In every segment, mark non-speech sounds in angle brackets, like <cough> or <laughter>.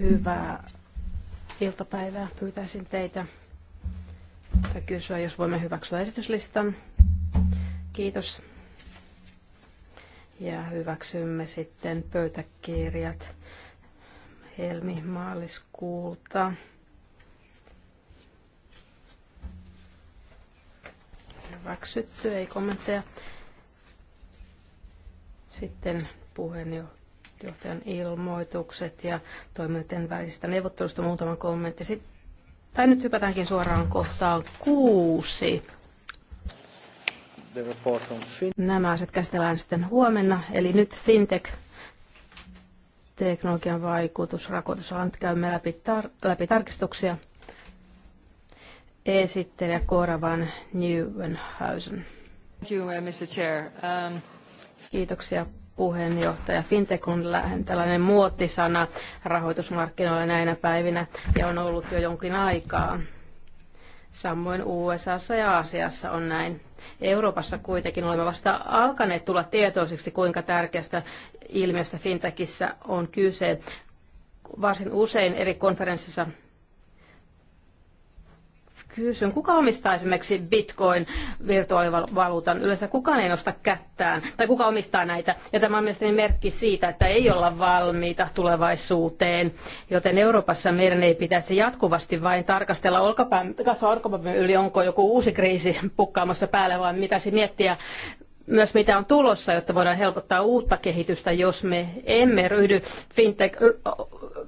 Hyvää iltapäivää. Pyytäisin teitä tai kysyä, jos voimme hyväksyä esityslistan. Kiitos. Ja hyväksymme sitten pöytäkirjat helmi-maaliskuulta. Hyväksytty, ei kommentteja. Sitten puheenjohtaja johtajan ilmoitukset ja toimijoiden välisistä neuvottelusta muutama kommentti. Sitten, tai nyt hypätäänkin suoraan kohtaan kuusi. Nämä asiat käsitellään sitten huomenna, eli nyt fintech teknologian vaikutus rakoitusalan käymme läpi, tar- läpi tarkistuksia. Esittelijä Koravan Newenhausen. Thank you, uh, Mr. Chair. Um... Kiitoksia puheenjohtaja. Fintech on tällainen muotisana rahoitusmarkkinoilla näinä päivinä ja on ollut jo jonkin aikaa. Samoin USA ja Aasiassa on näin. Euroopassa kuitenkin olemme vasta alkaneet tulla tietoisiksi, kuinka tärkeästä ilmiöstä fintechissä on kyse. Varsin usein eri konferenssissa kysyn, kuka omistaa esimerkiksi bitcoin virtuaalivaluutan? Yleensä kukaan ei nosta kättään, tai kuka omistaa näitä? Ja tämä on mielestäni merkki siitä, että ei olla valmiita tulevaisuuteen, joten Euroopassa meidän ei pitäisi jatkuvasti vain tarkastella olkapäin, katsoa olkapäin yli, onko joku uusi kriisi pukkaamassa päälle, vaan pitäisi miettiä myös mitä on tulossa, jotta voidaan helpottaa uutta kehitystä, jos me emme ryhdy fintech,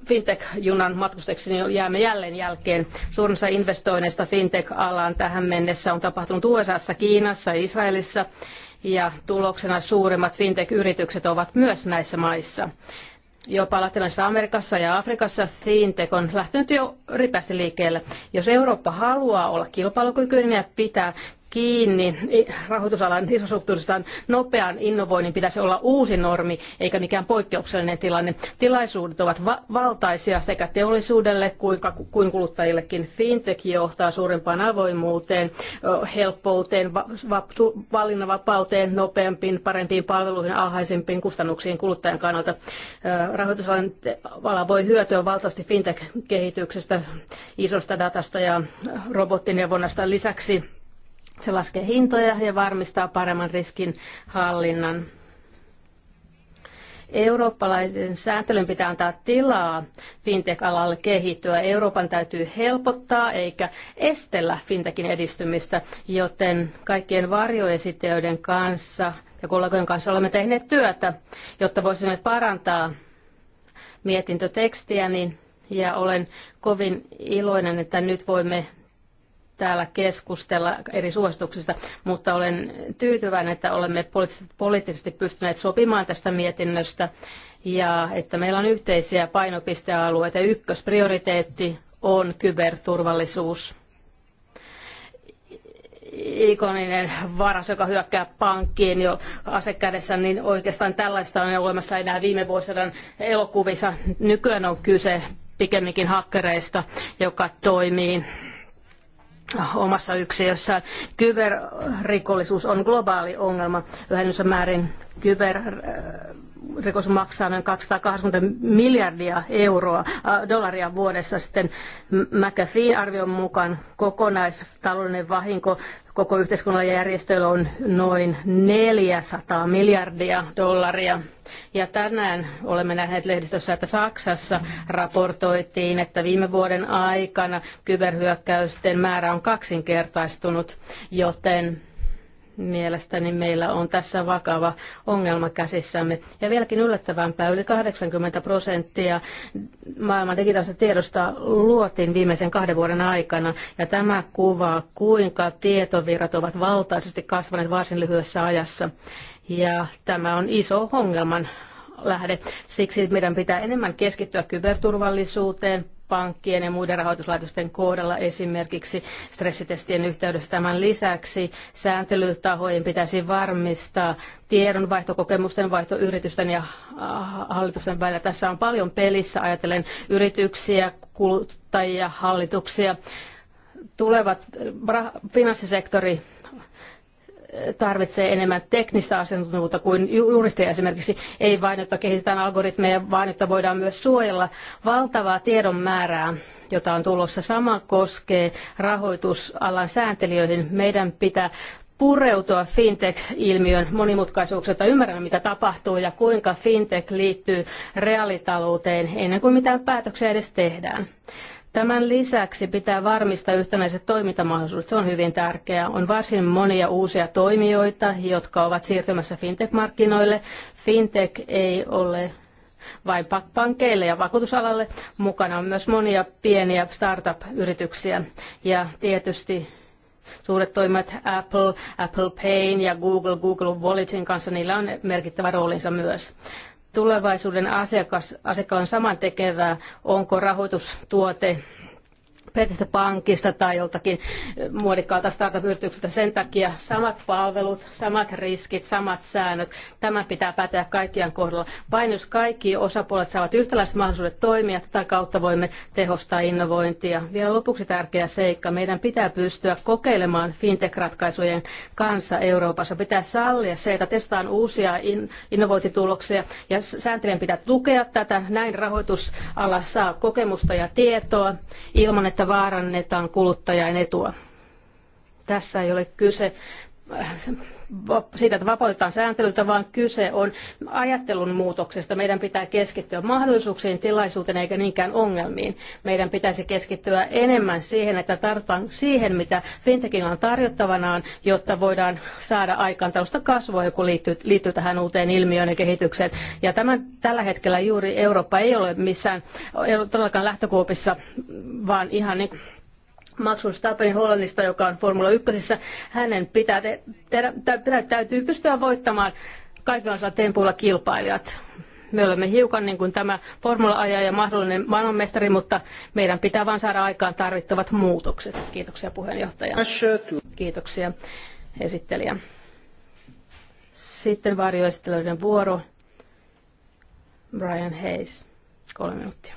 fintech-junan matkusteksi, niin jäämme jälleen jälkeen. Suurimmassa investoinneista fintech-alaan tähän mennessä on tapahtunut USAssa, Kiinassa ja Israelissa, ja tuloksena suurimmat fintech-yritykset ovat myös näissä maissa. Jopa Latinalaisessa Amerikassa ja Afrikassa fintech on lähtenyt jo ripeästi liikkeelle. Jos Eurooppa haluaa olla kilpailukykyinen ja pitää kiinni rahoitusalan infrastruktuuristaan. Nopean innovoinnin pitäisi olla uusi normi eikä mikään poikkeuksellinen tilanne. Tilaisuudet ovat va- valtaisia sekä teollisuudelle kuin kuluttajillekin. Fintech johtaa suurempaan avoimuuteen, helppouteen, va- va- valinnanvapauteen, nopeampiin, parempiin palveluihin, alhaisempiin kustannuksiin kuluttajan kannalta. Rahoitusalan ala voi hyötyä valtavasti fintech-kehityksestä, isosta datasta ja robottineuvonnasta lisäksi se laskee hintoja ja varmistaa paremman riskin hallinnan. Eurooppalaisen sääntelyn pitää antaa tilaa fintech-alalle kehittyä. Euroopan täytyy helpottaa eikä estellä fintechin edistymistä, joten kaikkien varjoesitöiden kanssa ja kollegojen kanssa olemme tehneet työtä, jotta voisimme parantaa mietintötekstiä, niin ja olen kovin iloinen, että nyt voimme täällä keskustella eri suosituksista, mutta olen tyytyväinen, että olemme poliittisesti pystyneet sopimaan tästä mietinnöstä ja että meillä on yhteisiä painopistealueita. Ykkösprioriteetti on kyberturvallisuus. Ikoninen varas, joka hyökkää pankkiin jo asekädessä, niin oikeastaan tällaista on olemassa enää viime vuosien elokuvissa. Nykyään on kyse pikemminkin hakkereista, joka toimii omassa yksiössään. Kyberrikollisuus on globaali ongelma yhdessä määrin kyber äh, rikos maksaa noin 280 miljardia euroa, äh, dollaria vuodessa. Sitten McAfeen arvion mukaan kokonaistaloudellinen vahinko koko yhteiskunnalla ja on noin 400 miljardia dollaria. Ja tänään olemme nähneet lehdistössä, että Saksassa raportoitiin, että viime vuoden aikana kyberhyökkäysten määrä on kaksinkertaistunut, joten Mielestäni meillä on tässä vakava ongelma käsissämme. Ja vieläkin yllättävämpää, yli 80 prosenttia maailman digitaalista tiedosta luotiin viimeisen kahden vuoden aikana. Ja tämä kuvaa, kuinka tietovirrat ovat valtaisesti kasvaneet varsin lyhyessä ajassa. Ja tämä on iso ongelman lähde. Siksi meidän pitää enemmän keskittyä kyberturvallisuuteen, pankkien ja muiden rahoituslaitosten kohdalla esimerkiksi stressitestien yhteydessä. Tämän lisäksi sääntelytahojen pitäisi varmistaa tiedonvaihto, kokemusten vaihto yritysten ja äh, hallitusten välillä. Tässä on paljon pelissä, ajatellen yrityksiä, kuluttajia, hallituksia. Tulevat äh, finanssisektori tarvitsee enemmän teknistä asiantuntemusta kuin juristeja esimerkiksi, ei vain, jotta kehitetään algoritmeja, vaan jotta voidaan myös suojella valtavaa tiedon määrää, jota on tulossa. Sama koskee rahoitusalan sääntelijöihin. Meidän pitää pureutua fintech-ilmiön monimutkaisuuksilta, ymmärrämme mitä tapahtuu ja kuinka fintech liittyy reaalitalouteen ennen kuin mitään päätöksiä edes tehdään. Tämän lisäksi pitää varmistaa yhtenäiset toimintamahdollisuudet. Se on hyvin tärkeää. On varsin monia uusia toimijoita, jotka ovat siirtymässä fintech-markkinoille. Fintech ei ole vain pankkeille ja vakuutusalalle. Mukana on myös monia pieniä startup-yrityksiä. Ja tietysti suuret toimijat Apple, Apple Pay ja Google, Google Walletin kanssa, niillä on merkittävä roolinsa myös tulevaisuuden asiakas, asiakkaan saman tekevää, onko rahoitustuote perinteisestä pankista tai joltakin muodikkaalta startup yrityksestä Sen takia samat palvelut, samat riskit, samat säännöt. Tämä pitää päteä kaikkien kohdalla. Vain jos kaikki osapuolet saavat yhtäläiset mahdollisuudet toimia, tätä kautta voimme tehostaa innovointia. Vielä lopuksi tärkeä seikka. Meidän pitää pystyä kokeilemaan fintech-ratkaisujen kanssa Euroopassa. Pitää sallia se, että testataan uusia in, innovointituloksia ja sääntelijän pitää tukea tätä. Näin rahoitusala saa kokemusta ja tietoa ilman, että vaarannetaan kuluttajan etua. Tässä ei ole kyse siitä, että vapautetaan sääntelyltä, vaan kyse on ajattelun muutoksesta. Meidän pitää keskittyä mahdollisuuksiin, tilaisuuteen eikä niinkään ongelmiin. Meidän pitäisi keskittyä enemmän siihen, että tartutaan siihen, mitä fintechillä on tarjottavanaan, jotta voidaan saada aikaan tällaista kasvua, joka liittyy, liittyy tähän uuteen ilmiöön ja kehitykseen. Ja tämän, tällä hetkellä juuri Eurooppa ei ole missään, ei ole todellakaan lähtökuopissa, vaan ihan niin Max Verstappen Hollannista, joka on Formula 1, hänen pitää te- te- te- täytyy pystyä voittamaan kaikenlaisilla tempuilla kilpailijat. Me olemme hiukan niin kuin tämä formula-aja ja mahdollinen maailmanmestari, mutta meidän pitää vain saada aikaan tarvittavat muutokset. Kiitoksia puheenjohtaja. Kiitoksia esittelijä. Sitten varjoesittelyiden vuoro. Brian Hayes, kolme minuuttia.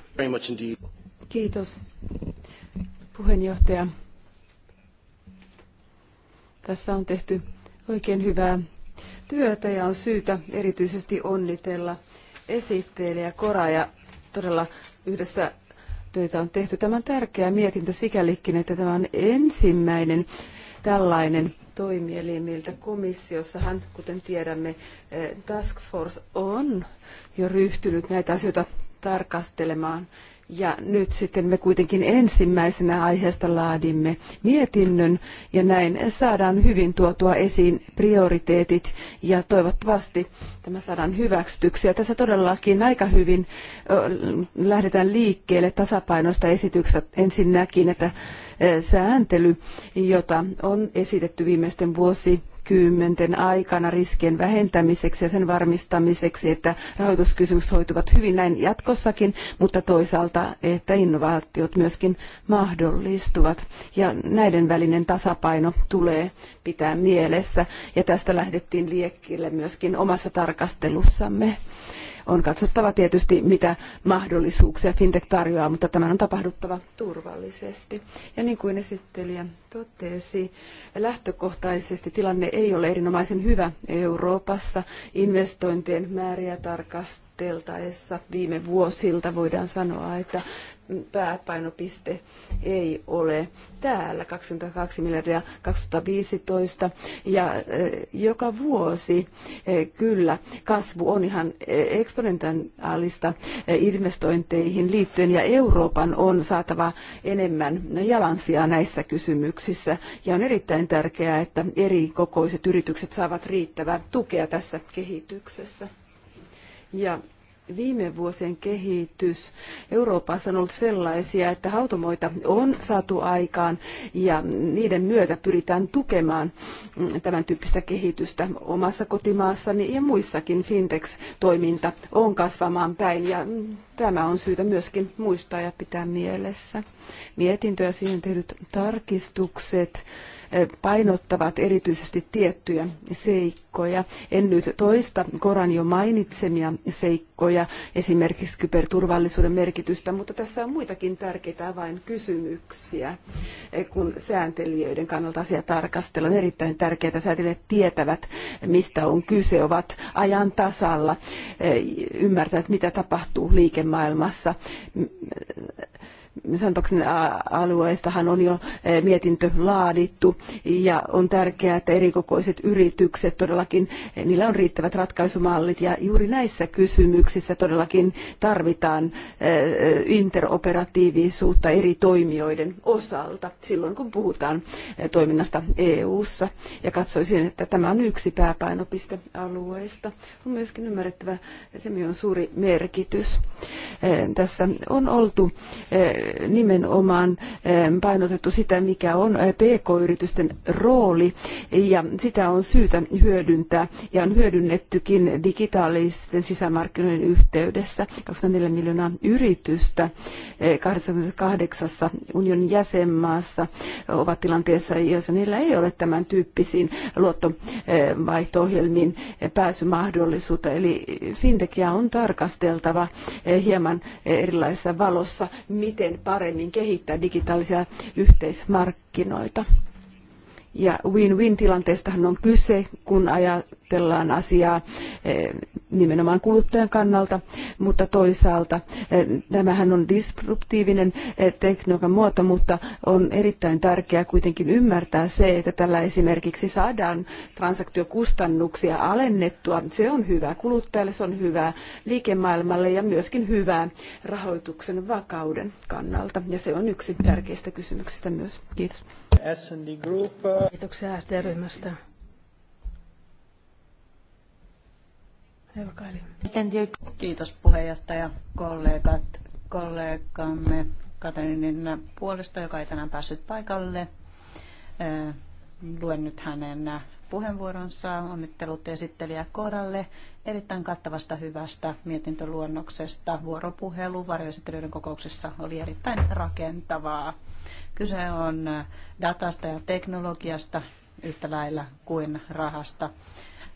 Kiitos puheenjohtaja. Tässä on tehty oikein hyvää työtä ja on syytä erityisesti onnitella esittelijä Kora ja todella yhdessä töitä on tehty. Tämä on tärkeä mietintö sikälikin, että tämä on ensimmäinen tällainen toimielimiltä komissiossahan, kuten tiedämme, eh, Task Force on jo ryhtynyt näitä asioita tarkastelemaan ja nyt sitten me kuitenkin ensimmäisenä aiheesta laadimme mietinnön ja näin saadaan hyvin tuotua esiin prioriteetit ja toivottavasti tämä saadaan hyväksytyksi. Ja tässä todellakin aika hyvin lähdetään liikkeelle tasapainosta esityksestä ensinnäkin, että sääntely, jota on esitetty viimeisten vuosi vuosikymmenten aikana riskien vähentämiseksi ja sen varmistamiseksi, että rahoituskysymykset hoituvat hyvin näin jatkossakin, mutta toisaalta, että innovaatiot myöskin mahdollistuvat. Ja näiden välinen tasapaino tulee pitää mielessä. Ja tästä lähdettiin liikkeelle myöskin omassa tarkastelussamme on katsottava tietysti, mitä mahdollisuuksia fintech tarjoaa, mutta tämän on tapahduttava turvallisesti. Ja niin kuin esittelijä totesi, lähtökohtaisesti tilanne ei ole erinomaisen hyvä Euroopassa. Investointien määriä tarkasteltaessa viime vuosilta voidaan sanoa, että pääpainopiste ei ole täällä 22 miljardia 2015 ja eh, joka vuosi eh, kyllä kasvu on ihan eh, eksponentiaalista investointeihin liittyen ja Euroopan on saatava enemmän jalansijaa näissä kysymyksissä yrityksissä ja on erittäin tärkeää, että eri kokoiset yritykset saavat riittävää tukea tässä kehityksessä. Ja viime vuosien kehitys Euroopassa on ollut sellaisia, että hautomoita on saatu aikaan ja niiden myötä pyritään tukemaan tämän tyyppistä kehitystä omassa kotimaassani ja muissakin fintech-toiminta on kasvamaan päin ja tämä on syytä myöskin muistaa ja pitää mielessä. Mietintö ja siihen tehdyt tarkistukset painottavat erityisesti tiettyjä seikkoja. En nyt toista Koran jo mainitsemia seikkoja, esimerkiksi kyberturvallisuuden merkitystä, mutta tässä on muitakin tärkeitä avainkysymyksiä, kun sääntelijöiden kannalta asiaa tarkastellaan. Erittäin tärkeää, että säätelijät tietävät, mistä on kyse, ovat ajan tasalla, ymmärtävät, mitä tapahtuu liikemaailmassa, sandboxin alueestahan on jo eh, mietintö laadittu ja on tärkeää, että erikokoiset yritykset todellakin, eh, niillä on riittävät ratkaisumallit ja juuri näissä kysymyksissä todellakin tarvitaan eh, interoperatiivisuutta eri toimijoiden osalta silloin, kun puhutaan toiminnasta EU-ssa. Ja katsoisin, että tämä on yksi pääpainopiste alueesta On myöskin ymmärrettävä, että se on suuri merkitys. Tässä on oltu nimenomaan eh, painotettu sitä, mikä on eh, PK-yritysten rooli ja sitä on syytä hyödyntää ja on hyödynnettykin digitaalisten sisämarkkinoiden yhteydessä 24 miljoonaa yritystä 28 eh, unionin jäsenmaassa ovat tilanteessa, jossa niillä ei ole tämän tyyppisiin luottovaihto-ohjelmiin pääsymahdollisuutta. Eli fintechiä on tarkasteltava hieman erilaisessa valossa, miten miten paremmin kehittää digitaalisia yhteismarkkinoita. Ja win-win tilanteestahan on kyse, kun ajatellaan asiaa eh, nimenomaan kuluttajan kannalta, mutta toisaalta eh, tämähän on disruptiivinen eh, tekniikan muoto, mutta on erittäin tärkeää kuitenkin ymmärtää se, että tällä esimerkiksi saadaan transaktiokustannuksia alennettua. Se on hyvä kuluttajalle, se on hyvä liikemaailmalle ja myöskin hyvää rahoituksen vakauden kannalta. Ja se on yksi tärkeistä kysymyksistä myös. Kiitos. S&D Group. Kiitoksia SD-ryhmästä. Kiitos puheenjohtaja, kollegat, kollegamme Katarinin puolesta, joka ei tänään päässyt paikalle. Luen nyt hänen puheenvuoronsa. Onnittelut esittelijä Koralle erittäin kattavasta hyvästä mietintöluonnoksesta. Vuoropuhelu varjoesittelijöiden kokouksessa oli erittäin rakentavaa. Kyse on äh, datasta ja teknologiasta yhtä lailla kuin rahasta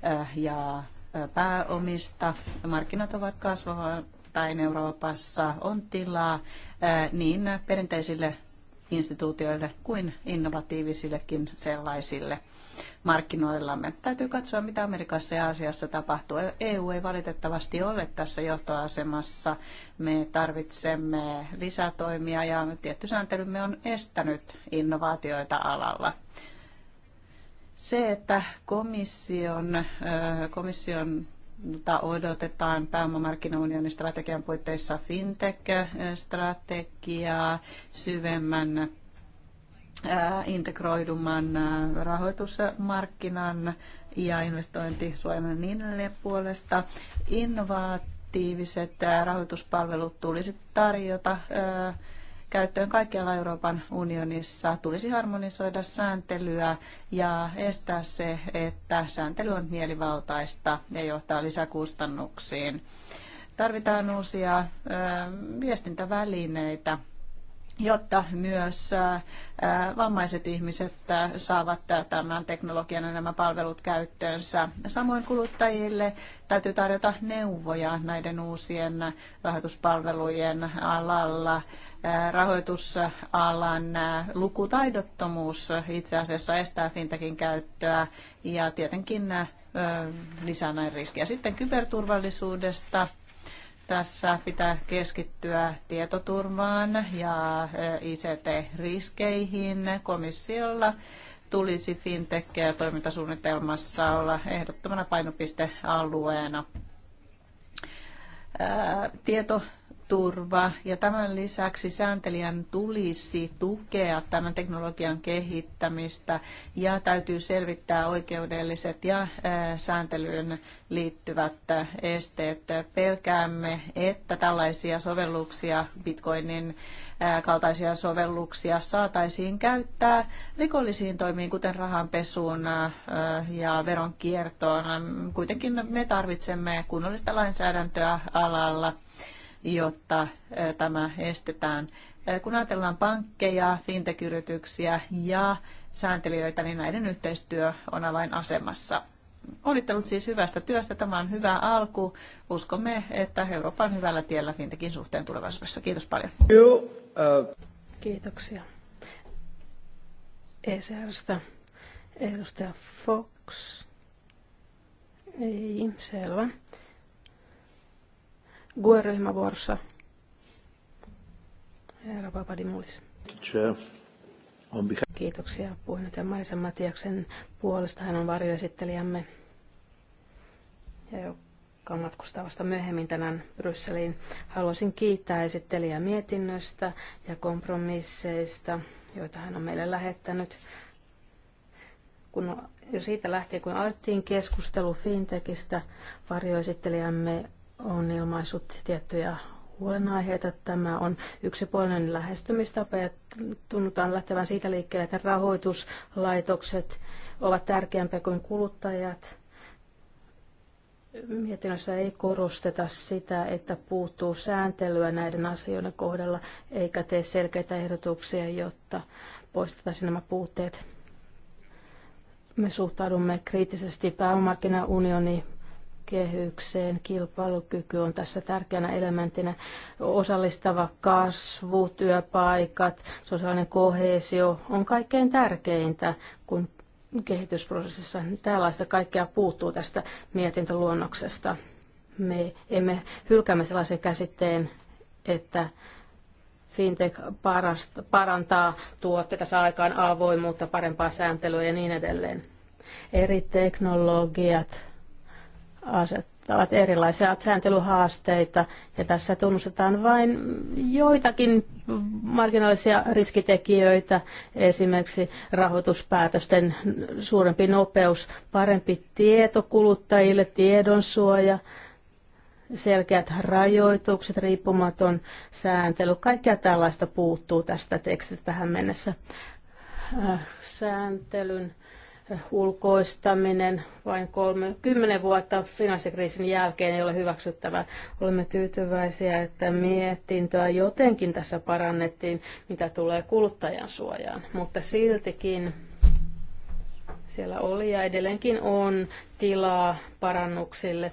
äh, ja äh, pääomista. Markkinat ovat kasvavat päin Euroopassa. On tilaa niin perinteisille instituutioille kuin innovatiivisillekin sellaisille markkinoillamme. Täytyy katsoa, mitä Amerikassa ja Aasiassa tapahtuu. E- EU ei valitettavasti ole tässä johtoasemassa. Me tarvitsemme lisätoimia ja tietty sääntelymme on estänyt innovaatioita alalla. Se, että komission, komission odotetaan pääomamarkkinaunionin strategian puitteissa fintech-strategiaa, eh, syvemmän eh, integroidumman eh, rahoitusmarkkinan ja investointisuojan ja niin edelleen puolesta. Innovaatiiviset rahoituspalvelut tulisi tarjota käyttöön kaikkialla Euroopan unionissa. Tulisi harmonisoida sääntelyä ja estää se, että sääntely on mielivaltaista ja johtaa lisäkustannuksiin. Tarvitaan uusia viestintävälineitä jotta myös vammaiset ihmiset saavat tämän teknologian ja nämä palvelut käyttöönsä. Samoin kuluttajille täytyy tarjota neuvoja näiden uusien rahoituspalvelujen alalla rahoitusalan lukutaidottomuus itse asiassa estää fintekin käyttöä ja tietenkin lisää näin riskiä. Sitten kyberturvallisuudesta. Tässä pitää keskittyä tietoturvaan ja ICT-riskeihin komissiolla tulisi fintech- ja toimintasuunnitelmassa olla ehdottomana painopistealueena. Tieto turva ja tämän lisäksi sääntelijän tulisi tukea tämän teknologian kehittämistä ja täytyy selvittää oikeudelliset ja sääntelyyn liittyvät esteet. Pelkäämme, että tällaisia sovelluksia, bitcoinin kaltaisia sovelluksia saataisiin käyttää rikollisiin toimiin, kuten rahanpesuun ja veronkiertoon. Kuitenkin me tarvitsemme kunnollista lainsäädäntöä alalla jotta tämä estetään. Kun ajatellaan pankkeja, fintech-yrityksiä ja sääntelijöitä, niin näiden yhteistyö on avainasemassa. Onnittelut siis hyvästä työstä. Tämä on hyvä alku. Uskomme, että Eurooppa on hyvällä tiellä fintekin suhteen tulevaisuudessa. Kiitos paljon. Kiitoksia. ECRstä edustaja Fox. Ei, selvä. GUE-ryhmävuorossa. Herra Papadimulis. Kiitoksia puheenjohtaja Marisa Matiaksen puolesta. Hän on varjoesittelijämme, joka matkustaa vasta myöhemmin tänään Brysseliin. Haluaisin kiittää esittelijä mietinnöstä ja kompromisseista, joita hän on meille lähettänyt. Kun jo siitä lähtien, kun alettiin keskustelu Fintechistä, varjoesittelijämme on ilmaissut tiettyjä huolenaiheita. Tämä on yksipuolinen lähestymistapa ja tunnutaan lähtevän siitä liikkeelle, että rahoituslaitokset ovat tärkeämpiä kuin kuluttajat. Mietinnössä ei korosteta sitä, että puuttuu sääntelyä näiden asioiden kohdalla, eikä tee selkeitä ehdotuksia, jotta poistettaisiin nämä puutteet. Me suhtaudumme kriittisesti pääomarkkinaunioni kehykseen. Kilpailukyky on tässä tärkeänä elementtinä. Osallistava kasvu, työpaikat, sosiaalinen kohesio on kaikkein tärkeintä, kun kehitysprosessissa tällaista kaikkea puuttuu tästä mietintöluonnoksesta. Me emme hylkäämme sellaisen käsitteen, että fintech parasta, parantaa tuotteita, saa aikaan avoimuutta, parempaa sääntelyä ja niin edelleen. Eri teknologiat asettavat erilaisia sääntelyhaasteita ja tässä tunnustetaan vain joitakin marginaalisia riskitekijöitä, esimerkiksi rahoituspäätösten suurempi nopeus, parempi tieto kuluttajille, tiedonsuoja, selkeät rajoitukset, riippumaton sääntely, kaikkea tällaista puuttuu tästä tekstistä tähän mennessä. Äh, sääntelyn ulkoistaminen vain kolme kymmenen vuotta finanssikriisin jälkeen ei ole hyväksyttävää. Olemme tyytyväisiä, että mietintöä jotenkin tässä parannettiin, mitä tulee kuluttajan suojaan. Mutta siltikin siellä oli ja edelleenkin on tilaa parannuksille.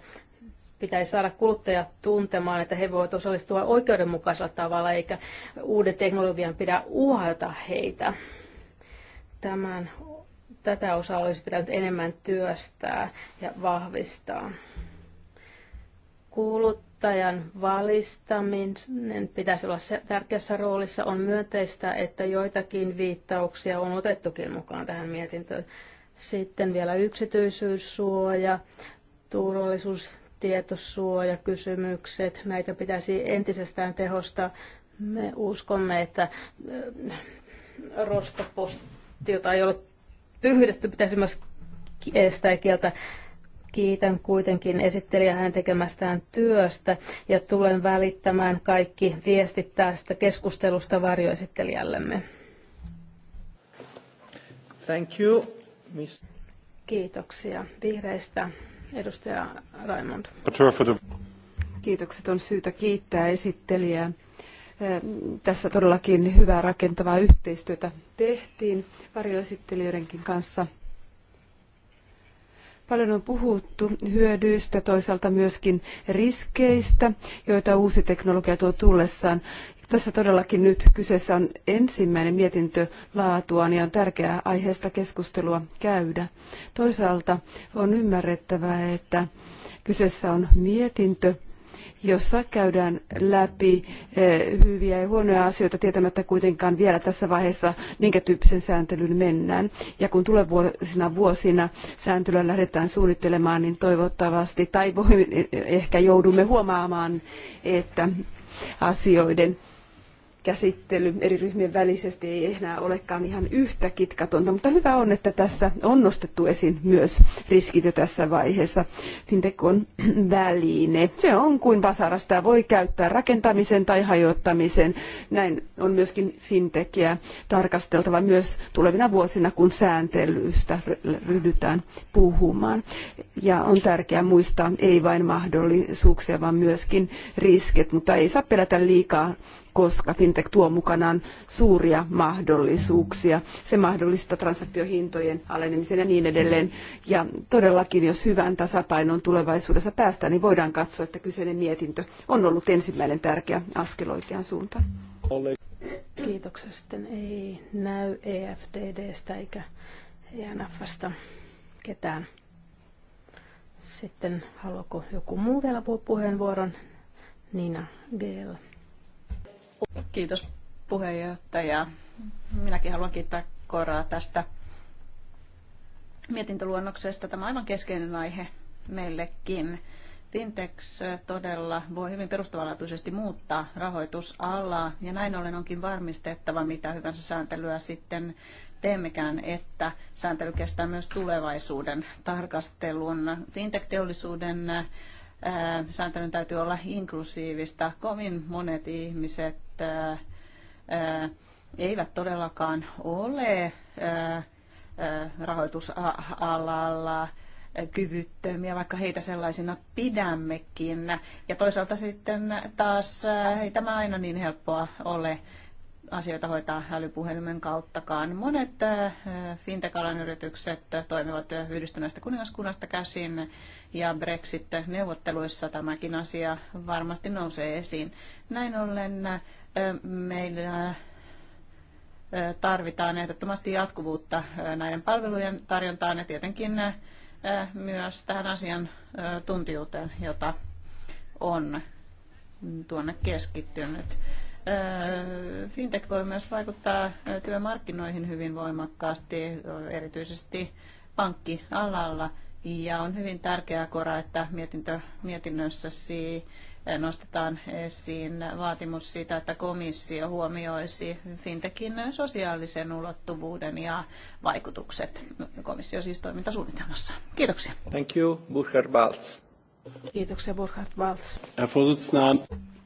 Pitäisi saada kuluttajat tuntemaan, että he voivat osallistua oikeudenmukaisella tavalla, eikä uuden teknologian pidä uhata heitä. Tämän tätä osaa olisi pitänyt enemmän työstää ja vahvistaa. Kuluttajan valistaminen pitäisi olla tärkeässä roolissa. On myönteistä, että joitakin viittauksia on otettukin mukaan tähän mietintöön. Sitten vielä yksityisyyssuoja, turvallisuus, tietosuoja, kysymykset. Näitä pitäisi entisestään tehostaa. Me uskomme, että roskaposti, jota ei ole pyrhytetty pitäisi myös estää kieltä. Kiitän kuitenkin esittelijä hänen tekemästään työstä ja tulen välittämään kaikki viestit tästä keskustelusta varjoesittelijällemme. Thank you. Miss... Kiitoksia vihreistä. Edustaja Raimond. Kiitokset on syytä kiittää esittelijää tässä todellakin hyvää rakentavaa yhteistyötä tehtiin varjoesittelijöidenkin kanssa. Paljon on puhuttu hyödyistä, toisaalta myöskin riskeistä, joita uusi teknologia tuo tullessaan. Tässä todellakin nyt kyseessä on ensimmäinen mietintö laatuaan niin ja on tärkeää aiheesta keskustelua käydä. Toisaalta on ymmärrettävää, että kyseessä on mietintö, jossa käydään läpi eh, hyviä ja huonoja asioita tietämättä kuitenkaan vielä tässä vaiheessa, minkä tyyppisen sääntelyn mennään. Ja kun tulevuosina vuosina sääntelyä lähdetään suunnittelemaan, niin toivottavasti tai voi, eh, ehkä joudumme huomaamaan, että asioiden käsittely eri ryhmien välisesti ei enää olekaan ihan yhtä kitkatonta, mutta hyvä on, että tässä on nostettu esiin myös riskit jo tässä vaiheessa. Fintech on <clears throat> väline. Se on kuin vasara, sitä voi käyttää rakentamisen tai hajottamisen. Näin on myöskin fintechiä tarkasteltava myös tulevina vuosina, kun sääntelystä ryhdytään puhumaan. Ja on tärkeää muistaa ei vain mahdollisuuksia, vaan myöskin riskit, mutta ei saa pelätä liikaa koska fintech tuo mukanaan suuria mahdollisuuksia. Se mahdollistaa transaktiohintojen alenemisen ja niin edelleen. Ja todellakin, jos hyvän tasapainon tulevaisuudessa päästään, niin voidaan katsoa, että kyseinen mietintö on ollut ensimmäinen tärkeä askel oikeaan suuntaan. Kiitoksia. Sitten ei näy EFDDstä eikä ENFstä ketään. Sitten haluaako joku muu vielä puheenvuoron? Nina Gale. Kiitos puheenjohtaja. Minäkin haluan kiittää Koraa tästä mietintöluonnoksesta. Tämä on aivan keskeinen aihe meillekin. Fintex todella voi hyvin perustavanlaatuisesti muuttaa rahoitusalaa ja näin ollen onkin varmistettava, mitä hyvänsä sääntelyä sitten teemmekään, että sääntely kestää myös tulevaisuuden tarkastelun. Fintech-teollisuuden sääntelyn täytyy olla inklusiivista. Kovin monet ihmiset eivät todellakaan ole rahoitusalalla kyvyttömiä, vaikka heitä sellaisina pidämmekin. Ja toisaalta sitten taas ei tämä aina niin helppoa ole asioita hoitaa älypuhelimen kauttakaan. Monet fintech-alan yritykset toimivat yhdistyneestä kuningaskunnasta käsin ja Brexit-neuvotteluissa tämäkin asia varmasti nousee esiin. Näin ollen meillä tarvitaan ehdottomasti jatkuvuutta näiden palvelujen tarjontaan ja tietenkin myös tähän asian tuntijuuteen, jota on tuonne keskittynyt. Fintech voi myös vaikuttaa työmarkkinoihin hyvin voimakkaasti, erityisesti pankkialalla. Ja on hyvin tärkeää, Kora, että mietintö, mietinnössäsi nostetaan esiin vaatimus siitä, että komissio huomioisi fintekin sosiaalisen ulottuvuuden ja vaikutukset. Komissio siis toimintasuunnitelmassa. Kiitoksia. Thank you, Burkhard Balz. Kiitoksia, Burkhard Balz.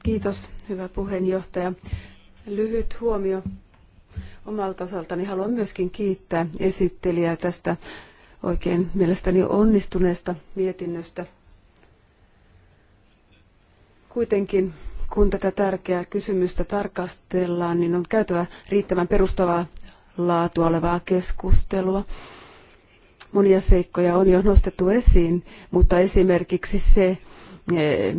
Kiitos, hyvä puheenjohtaja. Lyhyt huomio omalta osaltani. Haluan myöskin kiittää esittelijää tästä oikein mielestäni onnistuneesta mietinnöstä. Kuitenkin kun tätä tärkeää kysymystä tarkastellaan, niin on käytävä riittävän perustavaa laatua olevaa keskustelua. Monia seikkoja on jo nostettu esiin, mutta esimerkiksi se, eh,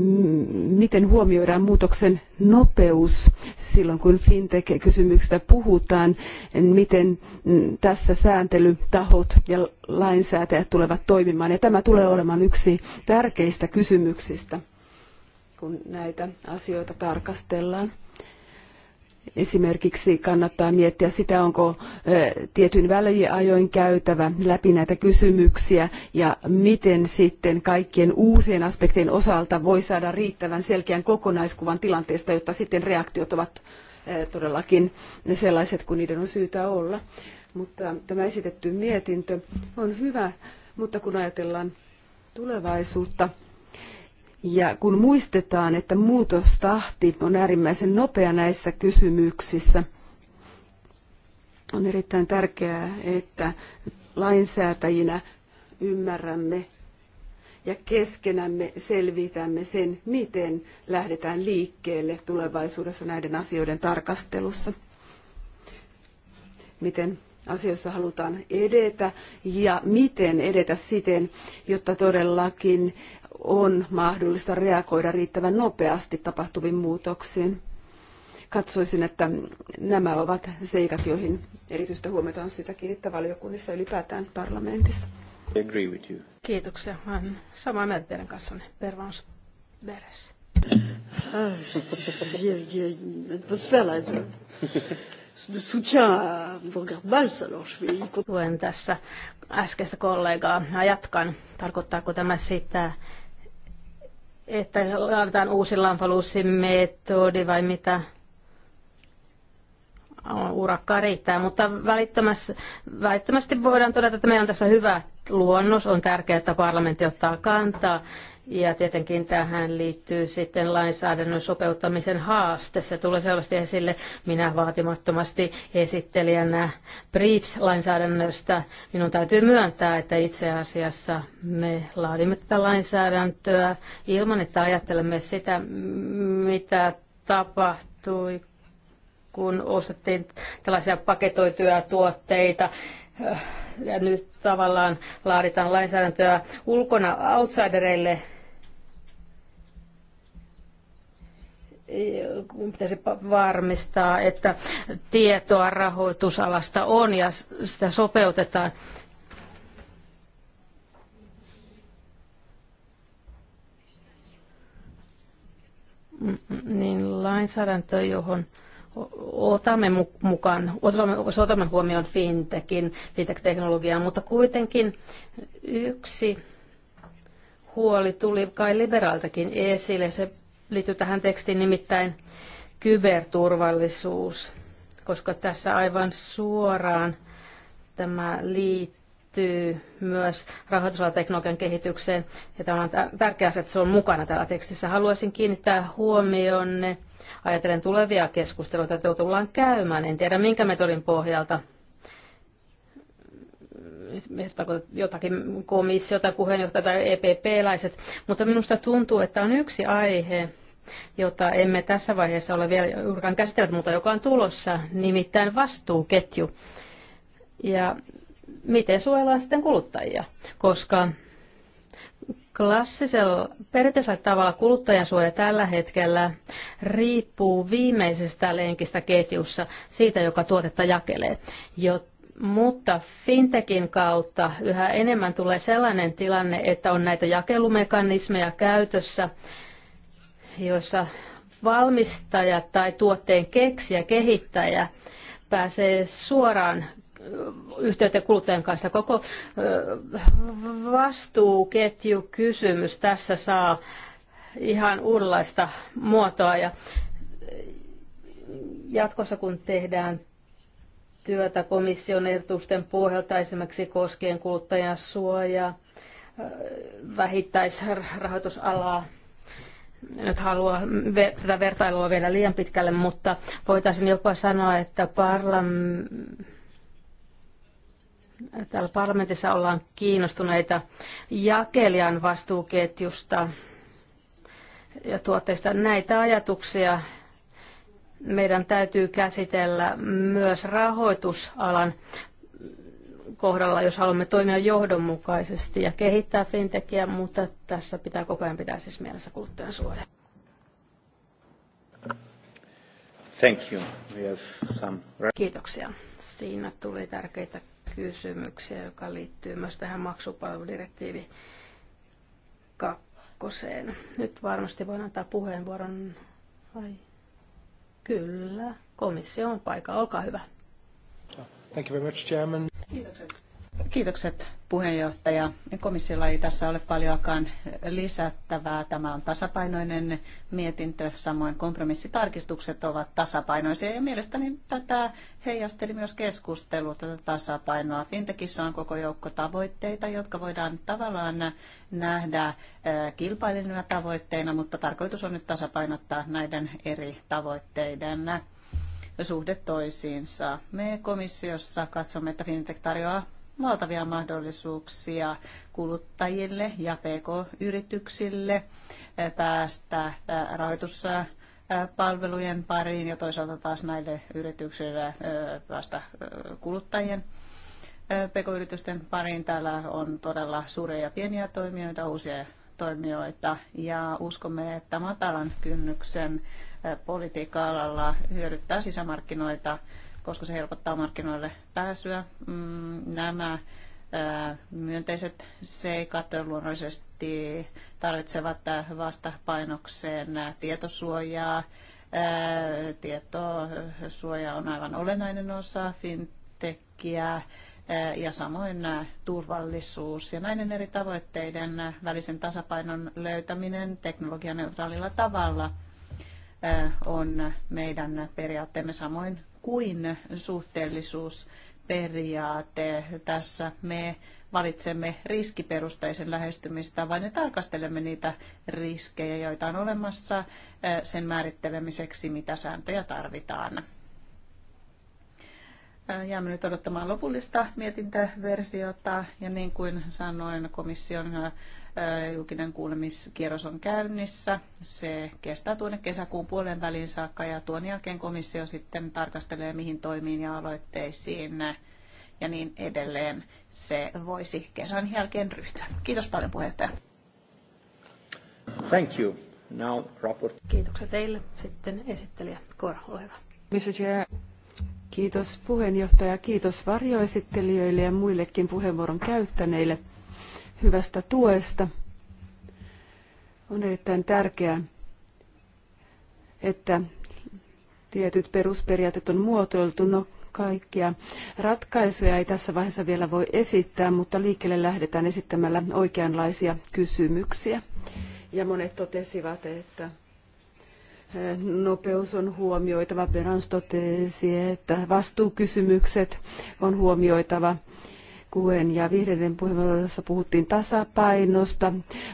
miten huomioidaan muutoksen nopeus silloin, kun fintech-kysymyksistä puhutaan, miten mm, tässä sääntelytahot ja lainsäätäjät tulevat toimimaan. Ja tämä tulee olemaan yksi tärkeistä kysymyksistä kun näitä asioita tarkastellaan. Esimerkiksi kannattaa miettiä sitä, onko tietyn väliajoin käytävä läpi näitä kysymyksiä ja miten sitten kaikkien uusien aspektien osalta voi saada riittävän selkeän kokonaiskuvan tilanteesta, jotta sitten reaktiot ovat todellakin ne sellaiset kuin niiden on syytä olla. Mutta tämä esitetty mietintö on hyvä, mutta kun ajatellaan tulevaisuutta, ja kun muistetaan, että muutostahti on äärimmäisen nopea näissä kysymyksissä, on erittäin tärkeää, että lainsäätäjinä ymmärrämme ja keskenämme selvitämme sen, miten lähdetään liikkeelle tulevaisuudessa näiden asioiden tarkastelussa. Miten asioissa halutaan edetä ja miten edetä siten, jotta todellakin on mahdollista reagoida riittävän nopeasti tapahtuviin muutoksiin. Katsoisin, että nämä ovat seikat, joihin erityistä huomiota on syytä kiinnittää valiokunnissa ylipäätään parlamentissa. I agree with you. Kiitoksia. Mä olen samaa mieltä teidän kanssanne. Pervaus veres. Ah, Tuen tässä äskeistä kollegaa ja jatkan. Tarkoittaako tämä sitä, että laitetaan uusi lamfalussin metodi vai mitä urakkaa riittää, mutta välittömästi voidaan todeta, että meillä on tässä hyvä luonnos on tärkeää, että parlamentti ottaa kantaa. Ja tietenkin tähän liittyy sitten lainsäädännön sopeuttamisen haaste. Se tulee selvästi esille minä vaatimattomasti esittelijänä BRIEPS-lainsäädännöstä. Minun täytyy myöntää, että itse asiassa me laadimme tätä lainsäädäntöä ilman, että ajattelemme sitä, mitä tapahtui, kun ostettiin tällaisia paketoituja tuotteita. Ja nyt tavallaan laaditaan lainsäädäntöä ulkona outsidereille, pitäisi varmistaa, että tietoa rahoitusalasta on ja sitä sopeutetaan. Mm, mm, niin lainsäädäntö, johon otamme mukaan, otamme, otamme huomioon fintechin, fintech-teknologiaa, mutta kuitenkin yksi huoli tuli kai liberaaltakin esille. Se liittyy tähän tekstiin nimittäin kyberturvallisuus, koska tässä aivan suoraan tämä liittyy myös rahoitusalateknologian kehitykseen. Ja tämä on tärkeää, että se on mukana täällä tekstissä. Haluaisin kiinnittää huomionne Ajatellen tulevia keskusteluita, joita tullaan käymään, en tiedä minkä metodin pohjalta jotakin komissiota, puheenjohtaja tai EPP-läiset, mutta minusta tuntuu, että on yksi aihe, jota emme tässä vaiheessa ole vielä juurikaan käsitellyt, mutta joka on tulossa, nimittäin vastuuketju. Ja miten suojellaan sitten kuluttajia, koska Klassisella perinteisellä tavalla kuluttajansuoja tällä hetkellä riippuu viimeisestä lenkistä ketjussa, siitä joka tuotetta jakelee. Jo, mutta fintekin kautta yhä enemmän tulee sellainen tilanne, että on näitä jakelumekanismeja käytössä, joissa valmistaja tai tuotteen keksijä, kehittäjä pääsee suoraan yhteyttä kuluttajan kanssa. Koko vastuuketjukysymys tässä saa ihan uudenlaista muotoa ja jatkossa kun tehdään työtä komission ehdotusten pohjalta esimerkiksi koskien kuluttajan suojaa, vähittäisrahoitusalaa, nyt halua tätä vertailua vielä liian pitkälle, mutta voitaisiin jopa sanoa, että parlamentti Täällä parlamentissa ollaan kiinnostuneita jakelijan vastuuketjusta ja tuotteista. Näitä ajatuksia meidän täytyy käsitellä myös rahoitusalan kohdalla, jos haluamme toimia johdonmukaisesti ja kehittää fintechia, mutta tässä pitää koko ajan pitää siis mielessä kuluttajan suoja. Thank you. We have some... Kiitoksia. Siinä tuli tärkeitä kysymyksiä, joka liittyy myös tähän maksupalveludirektiivi kakkoseen. Nyt varmasti voin antaa puheenvuoron. Ai, kyllä, komissio on paikalla. Olkaa hyvä. Thank you very much, Chairman. Kiitokset. Kiitokset puheenjohtaja. Komissiolla ei tässä ole paljoakaan lisättävää. Tämä on tasapainoinen mietintö, samoin kompromissitarkistukset ovat tasapainoisia ja mielestäni tätä heijasteli myös keskustelu, tätä tasapainoa. Fintechissä on koko joukko tavoitteita, jotka voidaan tavallaan nähdä eh, kilpailijana tavoitteina, mutta tarkoitus on nyt tasapainottaa näiden eri tavoitteiden suhde toisiinsa. Me komissiossa katsomme, että Fintech tarjoaa valtavia mahdollisuuksia kuluttajille ja pk-yrityksille päästä rahoituspalvelujen pariin ja toisaalta taas näille yrityksille päästä kuluttajien pk-yritysten pariin. Täällä on todella suuria ja pieniä toimijoita, uusia toimijoita ja uskomme, että matalan kynnyksen politiikka-alalla hyödyttää sisämarkkinoita koska se helpottaa markkinoille pääsyä. Mm, nämä myönteiset seikat luonnollisesti tarvitsevat vastapainokseen tietosuojaa. Tietosuoja on aivan olennainen osa fintekiä ja samoin turvallisuus ja näiden eri tavoitteiden välisen tasapainon löytäminen teknologianeutraalilla tavalla on meidän periaatteemme samoin kuin suhteellisuusperiaate. Tässä me valitsemme riskiperusteisen lähestymistavan ja tarkastelemme niitä riskejä, joita on olemassa sen määrittelemiseksi, mitä sääntöjä tarvitaan. Jäämme nyt odottamaan lopullista mietintäversiota ja niin kuin sanoin, komission julkinen kuulemiskierros on käynnissä. Se kestää tuonne kesäkuun puolen väliin saakka ja tuon jälkeen komissio sitten tarkastelee mihin toimiin ja aloitteisiin ja niin edelleen se voisi kesän jälkeen ryhtyä. Kiitos paljon puheenjohtaja. Thank you. Now, rapport. Kiitoksia teille. Sitten esittelijä Kora, ole hyvä. Mr. Chair. Kiitos puheenjohtaja, kiitos varjoesittelijöille ja muillekin puheenvuoron käyttäneille hyvästä tuesta. On erittäin tärkeää, että tietyt perusperiaatteet on muotoiltu. No, kaikkia ratkaisuja ei tässä vaiheessa vielä voi esittää, mutta liikkeelle lähdetään esittämällä oikeanlaisia kysymyksiä. Ja monet totesivat, että nopeus on huomioitava. Perans totesi, että vastuukysymykset on huomioitava. Kuen ja vihreiden puheenvuorossa puhuttiin tasapainosta,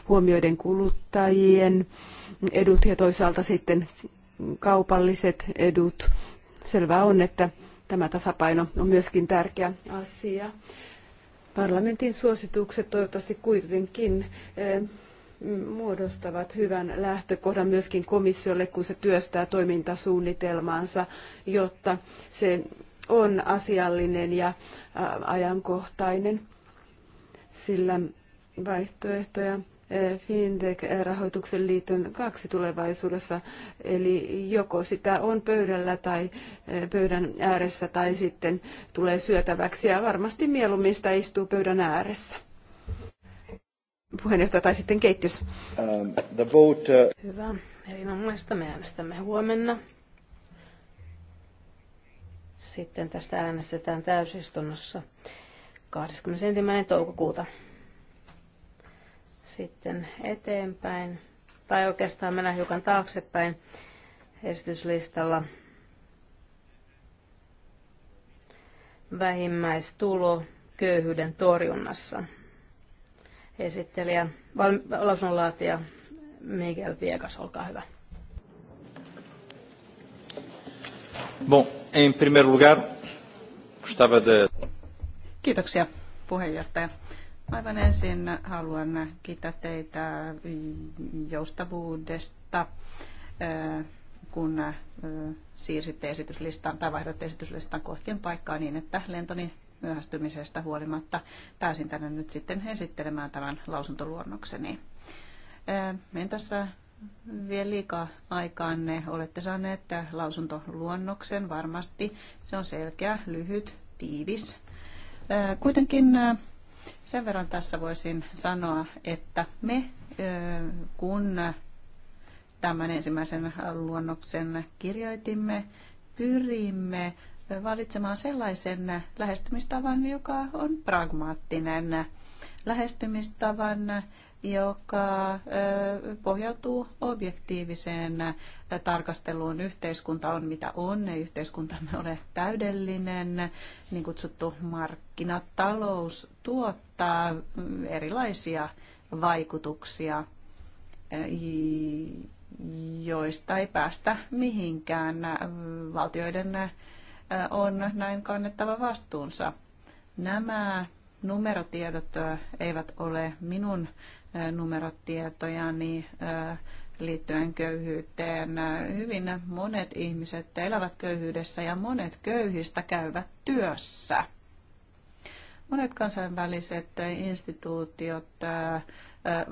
huomioiden kuluttajien edut ja toisaalta sitten kaupalliset edut. Selvää on, että tämä tasapaino on myöskin tärkeä asia. Parlamentin suositukset toivottavasti kuitenkin eh, muodostavat hyvän lähtökohdan myöskin komissiolle, kun se työstää toimintasuunnitelmaansa, jotta se on asiallinen ja ajankohtainen, sillä vaihtoehtoja FinTech-rahoituksen liiton kaksi tulevaisuudessa. Eli joko sitä on pöydällä tai pöydän ääressä tai sitten tulee syötäväksi ja varmasti mieluummin sitä istuu pöydän ääressä puheenjohtaja tai sitten keittiössä. Um, the vote, uh... Hyvä. Eli mä no, muista me äänestämme huomenna. Sitten tästä äänestetään täysistunnossa 21. toukokuuta. Sitten eteenpäin, tai oikeastaan mennään hiukan taaksepäin esityslistalla. Vähimmäistulo köyhyyden torjunnassa esittelijä, lausunnonlaatija Miguel Viegas, olkaa hyvä. Bon, en primer lugar, gustava de... Kiitoksia puheenjohtaja. Aivan ensin haluan kiittää teitä joustavuudesta, eh, kun eh, siirsitte esityslistan tai vaihdoitte esityslistan kohtien paikkaa niin, että lentoni myöhästymisestä huolimatta pääsin tänne nyt sitten esittelemään tämän lausuntoluonnokseni. En tässä vielä liikaa aikaanne. Olette saaneet lausuntoluonnoksen varmasti. Se on selkeä, lyhyt, tiivis. Kuitenkin sen verran tässä voisin sanoa, että me kun tämän ensimmäisen luonnoksen kirjoitimme, pyrimme valitsemaan sellaisen lähestymistavan, joka on pragmaattinen lähestymistavan, joka pohjautuu objektiiviseen tarkasteluun. Yhteiskunta on mitä on, ei yhteiskuntamme ole täydellinen. Niin kutsuttu markkinatalous tuottaa mm, erilaisia vaikutuksia, joista ei päästä mihinkään valtioiden on näin kannettava vastuunsa. Nämä numerotiedot eivät ole minun numerotietojani liittyen köyhyyteen. Hyvin monet ihmiset elävät köyhyydessä ja monet köyhistä käyvät työssä. Monet kansainväliset instituutiot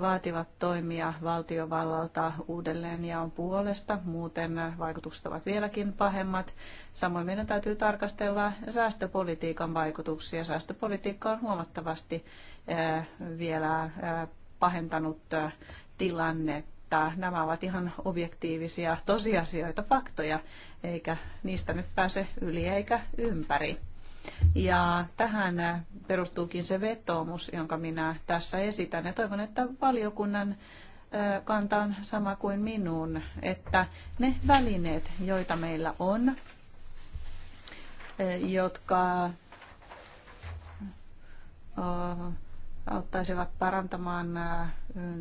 vaativat toimia valtiovallalta uudelleen ja on puolesta, muuten vaikutukset ovat vieläkin pahemmat. Samoin meidän täytyy tarkastella säästöpolitiikan vaikutuksia. Säästöpolitiikka on huomattavasti vielä pahentanut tilannetta. Nämä ovat ihan objektiivisia tosiasioita, faktoja, eikä niistä nyt pääse yli eikä ympäri. Ja tähän perustuukin se vetoomus, jonka minä tässä esitän. Ja toivon, että valiokunnan kanta on sama kuin minun, että ne välineet, joita meillä on, jotka auttaisivat parantamaan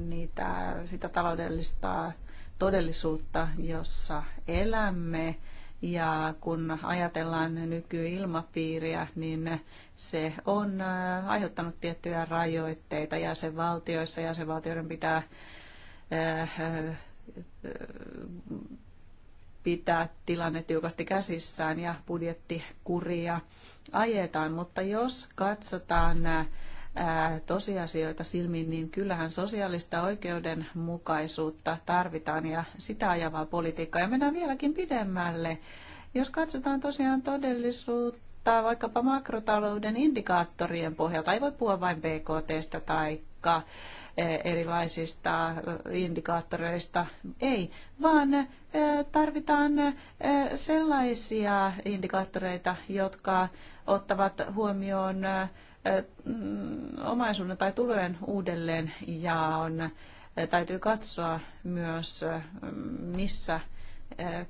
niitä, sitä taloudellista todellisuutta, jossa elämme, ja kun ajatellaan nykyilmapiiriä, niin se on äh, aiheuttanut tiettyjä rajoitteita jäsenvaltioissa. Jäsenvaltioiden pitää äh, äh, pitää tilanne tiukasti käsissään ja budjettikuria ajetaan. Mutta jos katsotaan tosiasioita silmiin, niin kyllähän sosiaalista oikeudenmukaisuutta tarvitaan ja sitä ajavaa politiikkaa. Ja mennään vieläkin pidemmälle. Jos katsotaan tosiaan todellisuutta vaikkapa makrotalouden indikaattorien pohjalta, ei voi puhua vain BKTstä tai erilaisista indikaattoreista. Ei, vaan tarvitaan sellaisia indikaattoreita, jotka ottavat huomioon Mm, omaisuuden tai tulojen uudelleen ja on täytyy katsoa myös, missä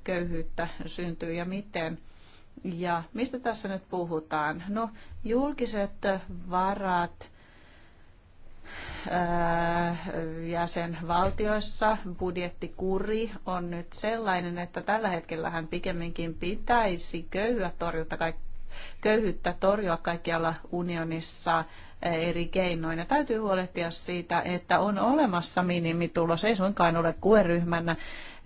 köyhyyttä syntyy ja miten. Ja mistä tässä nyt puhutaan? No, julkiset varat jäsenvaltioissa budjettikuri on nyt sellainen, että tällä hetkellä hän pikemminkin pitäisi köyhyä kaikki köyhyyttä torjua kaikkialla unionissa eri keinoin. Ja täytyy huolehtia siitä, että on olemassa minimitulos. Ei suinkaan ole kueryhmän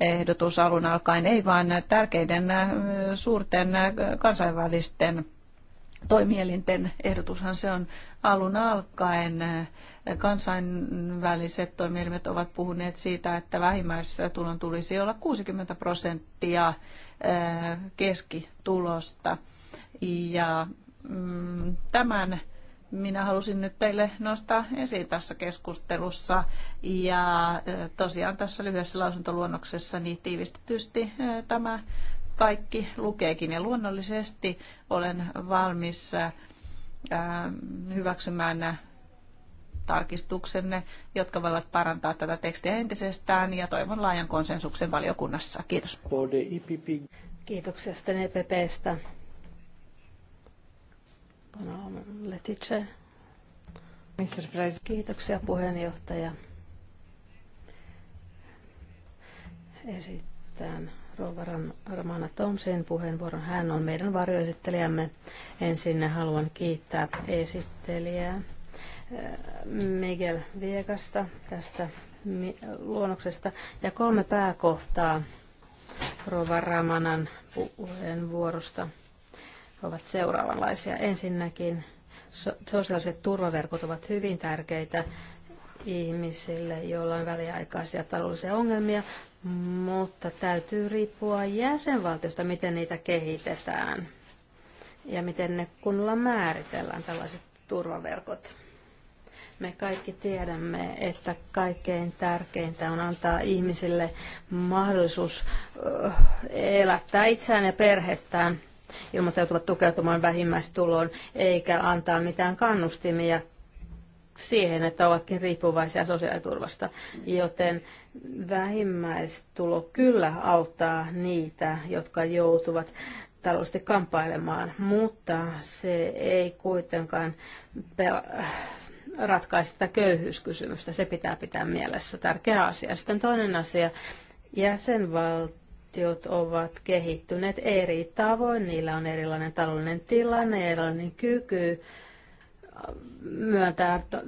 ehdotus alun alkaen, ei vaan tärkeiden äh, suurten äh, kansainvälisten toimielinten ehdotushan se on alun alkaen. Kansainväliset toimielimet ovat puhuneet siitä, että vähimmäistulon tulisi olla 60 prosenttia äh, keskitulosta. Ja mm, tämän minä halusin nyt teille nostaa esiin tässä keskustelussa. Ja tosiaan tässä lyhyessä lausuntoluonnoksessa niin tiivistetysti tämä kaikki lukeekin. Ja luonnollisesti olen valmis hyväksymään tarkistuksenne, jotka voivat parantaa tätä tekstiä entisestään ja toivon laajan konsensuksen valiokunnassa. Kiitos. E Kiitoksia sitten EPPstä. No, Letice. Kiitoksia puheenjohtaja. Esitän rovaran Romana Tomsin puheenvuoron. Hän on meidän varjoesittelijämme. Ensin haluan kiittää esittelijää eh, Miguel Viekasta tästä luonnoksesta. Ja kolme pääkohtaa rovaramanan puheenvuorosta. vuorosta ovat seuraavanlaisia. Ensinnäkin sosiaaliset turvaverkot ovat hyvin tärkeitä ihmisille, joilla on väliaikaisia taloudellisia ongelmia, mutta täytyy riippua jäsenvaltiosta, miten niitä kehitetään ja miten ne kunnolla määritellään tällaiset turvaverkot. Me kaikki tiedämme, että kaikkein tärkeintä on antaa ihmisille mahdollisuus elättää itseään ja perhettään – ilmoittautuvat tukeutumaan vähimmäistuloon, eikä antaa mitään kannustimia siihen, että ovatkin riippuvaisia sosiaaliturvasta. Joten vähimmäistulo kyllä auttaa niitä, jotka joutuvat taloudellisesti kamppailemaan, mutta se ei kuitenkaan ratkaise sitä köyhyyskysymystä. Se pitää pitää mielessä. Tärkeä asia. Sitten toinen asia. Jäsenvaltio valtiot ovat kehittyneet eri tavoin, niillä on erilainen taloudellinen tilanne, erilainen kyky myöntää että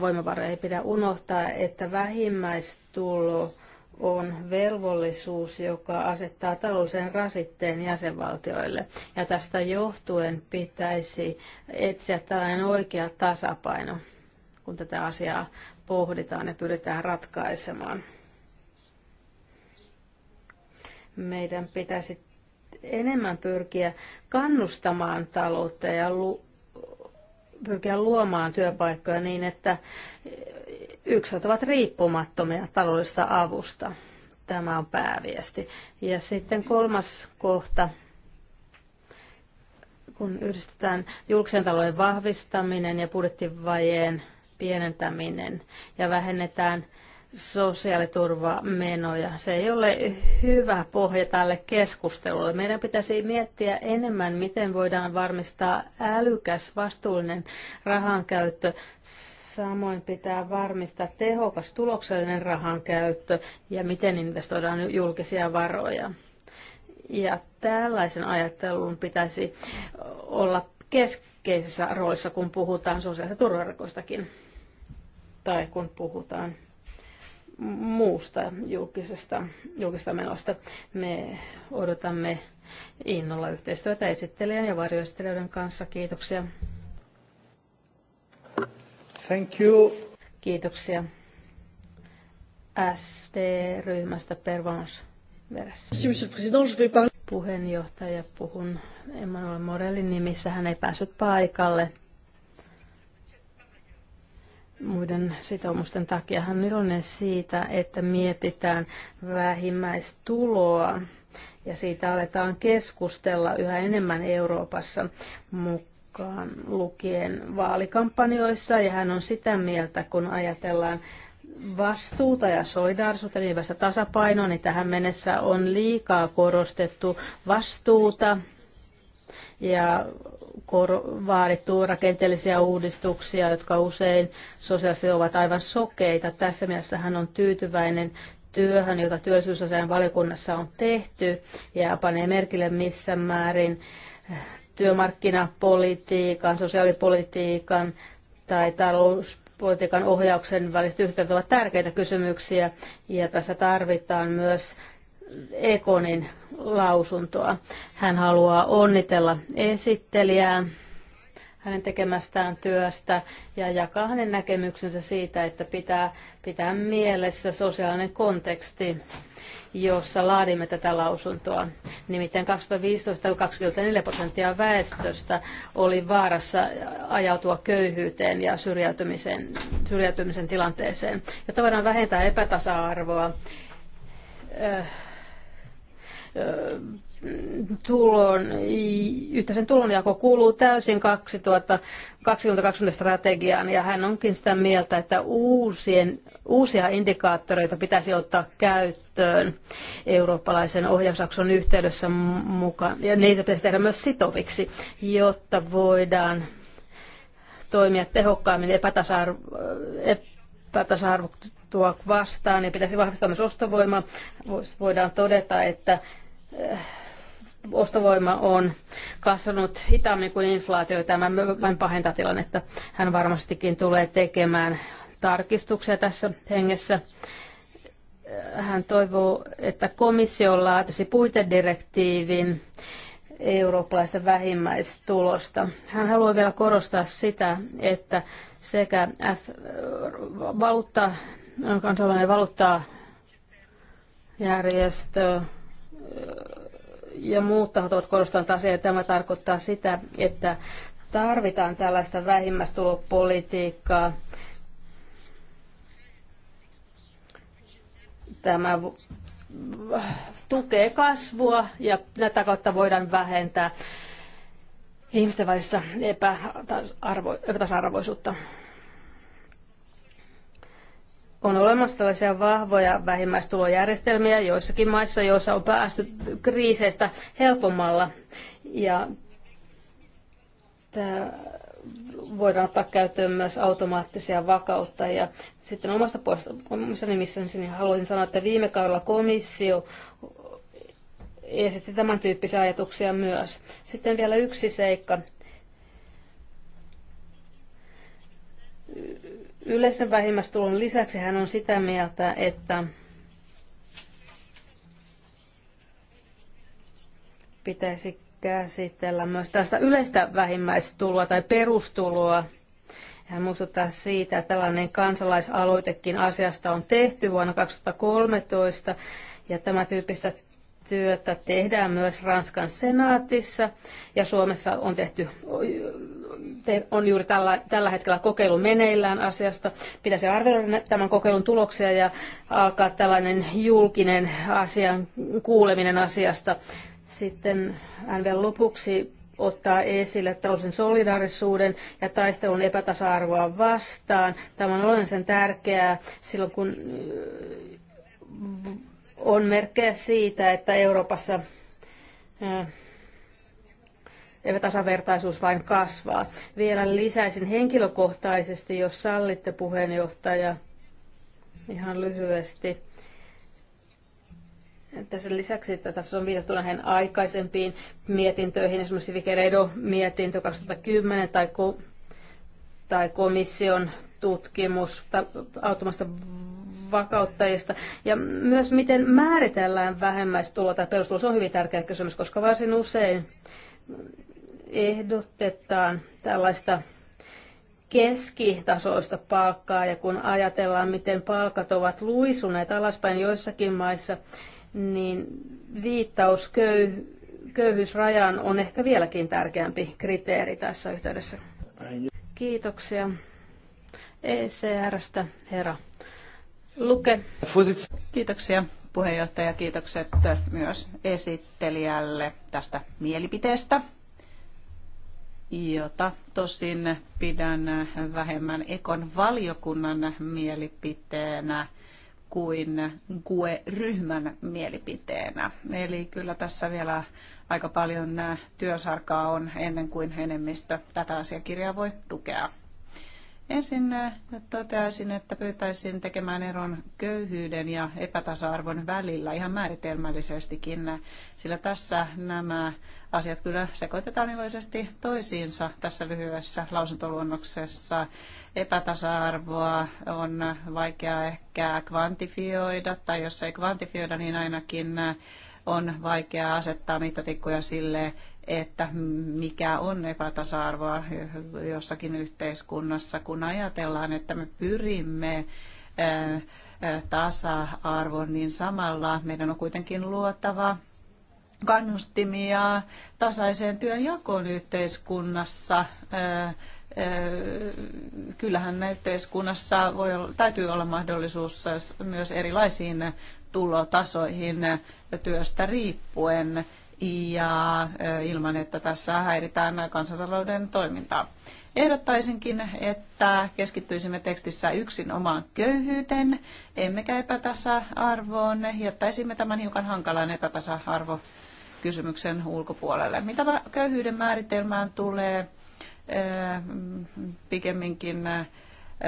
voimavaroja. Ei pidä unohtaa, että vähimmäistulo on velvollisuus, joka asettaa talouden rasitteen jäsenvaltioille. Ja tästä johtuen pitäisi etsiä tällainen oikea tasapaino, kun tätä asiaa pohditaan ja pyritään ratkaisemaan. Meidän pitäisi enemmän pyrkiä kannustamaan taloutta ja lu- pyrkiä luomaan työpaikkoja niin, että yksilöt ovat riippumattomia taloudellista avusta. Tämä on pääviesti. Ja sitten kolmas kohta, kun yhdistetään julkisen talouden vahvistaminen ja budjettivajeen pienentäminen ja vähennetään sosiaaliturvamenoja. Se ei ole hyvä pohja tälle keskustelulle. Meidän pitäisi miettiä enemmän, miten voidaan varmistaa älykäs, vastuullinen rahankäyttö. Samoin pitää varmistaa tehokas, tuloksellinen rahankäyttö ja miten investoidaan julkisia varoja. Ja tällaisen ajattelun pitäisi olla keskeisessä roolissa, kun puhutaan sosiaaliturvarikoistakin turvarekostakin tai kun puhutaan muusta julkisesta, julkisesta menosta. Me odotamme innolla yhteistyötä esittelijän ja varjoesittelijöiden kanssa. Kiitoksia. Thank you. Kiitoksia. SD-ryhmästä Pervons Veres. Puheenjohtaja, puhun Emmanuel Morellin nimissä. Hän ei päässyt paikalle muiden sitoumusten takia. Hän on iloinen siitä, että mietitään vähimmäistuloa ja siitä aletaan keskustella yhä enemmän Euroopassa mukaan lukien vaalikampanjoissa. Ja hän on sitä mieltä, kun ajatellaan vastuuta ja solidaarisuutta liivästä niin tasapainoa, niin tähän mennessä on liikaa korostettu vastuuta ja kor- vaadittu rakenteellisia uudistuksia, jotka usein sosiaalisesti ovat aivan sokeita. Tässä mielessä hän on tyytyväinen työhön, jota työllisyysasian valiokunnassa on tehty ja panee merkille missä määrin eh, työmarkkinapolitiikan, sosiaalipolitiikan tai talouspolitiikan ohjauksen väliset yhteydet ovat tärkeitä kysymyksiä ja tässä tarvitaan myös Ekonin lausuntoa. Hän haluaa onnitella esittelijää hänen tekemästään työstä ja jakaa hänen näkemyksensä siitä, että pitää pitää mielessä sosiaalinen konteksti, jossa laadimme tätä lausuntoa. Nimittäin 2015 24 prosenttia väestöstä oli vaarassa ajautua köyhyyteen ja syrjäytymisen, syrjäytymisen tilanteeseen. Jotta voidaan vähentää epätasa-arvoa, tulon, yhteisen tulonjako kuuluu täysin 2020 strategiaan ja hän onkin sitä mieltä, että uusien, uusia indikaattoreita pitäisi ottaa käyttöön eurooppalaisen ohjausakson yhteydessä mukaan ja niitä pitäisi tehdä myös sitoviksi, jotta voidaan toimia tehokkaammin epätasa arvoa epätasa vastaan ja pitäisi vahvistaa myös ostovoimaa. Voidaan todeta, että Äh, ostovoima on kasvanut hitaammin kuin inflaatio. Tämä vain pahentaa tilannetta. Hän varmastikin tulee tekemään tarkistuksia tässä hengessä. Äh, hän toivoo, että komissio laatisi puitedirektiivin eurooppalaista vähimmäistulosta. Hän haluaa vielä korostaa sitä, että sekä F, valuutta, kansainvälinen valuuttajärjestö ja muut tahot ovat korostaneet asiaa. Tämä tarkoittaa sitä, että tarvitaan tällaista vähimmäistulopolitiikkaa. Tämä tukee kasvua ja tätä kautta voidaan vähentää ihmisten välistä epätasa-arvoisuutta. On olemassa tällaisia vahvoja vähimmäistulojärjestelmiä joissakin maissa, joissa on päästy kriiseistä helpommalla. Ja tämä voidaan ottaa käyttöön myös automaattisia vakauttajia. Sitten omasta puolesta, nimissä niin haluaisin sanoa, että viime kaudella komissio esitti tämän tyyppisiä ajatuksia myös. Sitten vielä yksi seikka, Yleisen vähimmäistulon lisäksi hän on sitä mieltä, että pitäisi käsitellä myös tästä yleistä vähimmäistuloa tai perustuloa. Hän muistuttaa siitä, että tällainen kansalaisaloitekin asiasta on tehty vuonna 2013 ja tämä tyyppistä työtä tehdään myös Ranskan senaatissa ja Suomessa on tehty on juuri tällä, tällä hetkellä kokeilu meneillään asiasta. Pitäisi arvioida tämän kokeilun tuloksia ja alkaa tällainen julkinen asian kuuleminen asiasta. Sitten vielä lopuksi ottaa esille tällaisen solidaarisuuden ja taistelun epätasa-arvoa vastaan. Tämä on olennaisen tärkeää silloin, kun on merkkejä siitä, että Euroopassa tasavertaisuus vain kasvaa. Vielä lisäisin henkilökohtaisesti, jos sallitte puheenjohtaja, ihan lyhyesti. Tässä lisäksi, että tässä on viitattu näihin aikaisempiin mietintöihin, esimerkiksi Vigeredo-mietintö 2010 tai, ko- tai komission tutkimus automaattista vakauttajista. Ja myös miten määritellään vähemmäistulo tai perustulo, se on hyvin tärkeä kysymys, koska varsin usein ehdotetaan tällaista keskitasoista palkkaa ja kun ajatellaan, miten palkat ovat luisuneet alaspäin joissakin maissa, niin viittaus köy, köyhyysrajaan on ehkä vieläkin tärkeämpi kriteeri tässä yhteydessä. Kiitoksia ECRstä, herra Luke. Kiitoksia puheenjohtaja, kiitokset myös esittelijälle tästä mielipiteestä, jota tosin pidän vähemmän Ekon valiokunnan mielipiteenä kuin GUE-ryhmän mielipiteenä. Eli kyllä tässä vielä aika paljon työsarkaa on ennen kuin enemmistö tätä asiakirjaa voi tukea. Ensin äh, toteaisin, että pyytäisin tekemään eron köyhyyden ja epätasa-arvon välillä ihan määritelmällisestikin, äh, sillä tässä nämä asiat kyllä sekoitetaan iloisesti toisiinsa tässä lyhyessä lausuntoluonnoksessa. Epätasa-arvoa on äh, vaikea ehkä kvantifioida, tai jos ei kvantifioida, niin ainakin on vaikea asettaa mittatikkuja sille, että mikä on epätasa-arvoa jossakin yhteiskunnassa, kun ajatellaan, että me pyrimme tasa-arvoon, niin samalla meidän on kuitenkin luotava kannustimia tasaiseen työnjakoon yhteiskunnassa. Kyllähän yhteiskunnassa voi olla, täytyy olla mahdollisuus myös erilaisiin tulotasoihin työstä riippuen ja ilman, että tässä häiritään kansantalouden toimintaa. Ehdottaisinkin, että keskittyisimme tekstissä yksin omaan köyhyyteen, emmekä epätasa-arvoon, jättäisimme tämän hiukan hankalan epätasa-arvo kysymyksen ulkopuolelle. Mitä köyhyyden määritelmään tulee, pikemminkin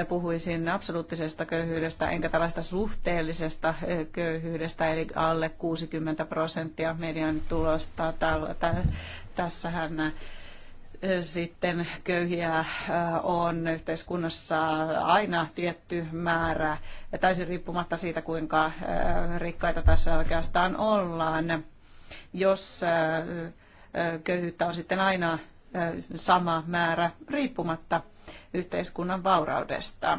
puhuisin absoluuttisesta köyhyydestä, enkä tällaista suhteellisesta köyhyydestä, eli alle 60 prosenttia median tulosta. Tässähän sitten köyhiä on yhteiskunnassa aina tietty määrä, täysin riippumatta siitä, kuinka rikkaita tässä oikeastaan ollaan. Jos köyhyyttä on sitten aina sama määrä riippumatta yhteiskunnan vauraudesta.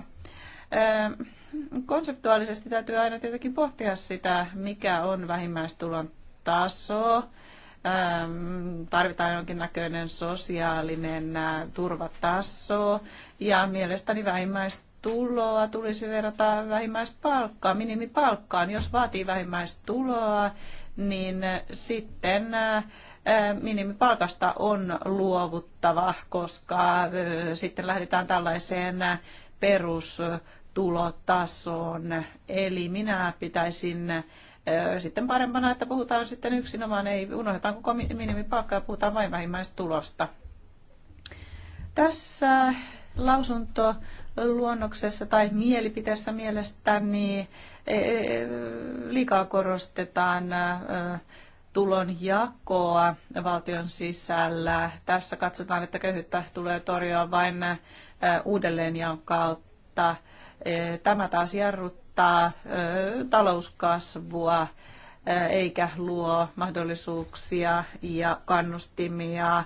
Konseptuaalisesti täytyy aina tietenkin pohtia sitä, mikä on vähimmäistulon taso, tarvitaan jonkinnäköinen sosiaalinen turvataso ja mielestäni vähimmäistuloa tulisi verrata vähimmäispalkkaan, minimipalkkaan. Jos vaatii vähimmäistuloa, niin sitten minimipalkasta on luovuttava, koska sitten lähdetään tällaiseen perustulotasoon. Eli minä pitäisin sitten parempana, että puhutaan sitten yksinomaan, ei unohdetaan koko minimipalkka ja puhutaan vain vähimmäistulosta. Tässä lausunto luonnoksessa tai mielipiteessä mielestäni e, e, liikaa korostetaan tulon jakoa valtion sisällä. Tässä katsotaan, että köyhyyttä tulee torjua vain uudelleenjaon kautta. E, tämä taas jarruttaa talouskasvua eikä luo mahdollisuuksia ja kannustimia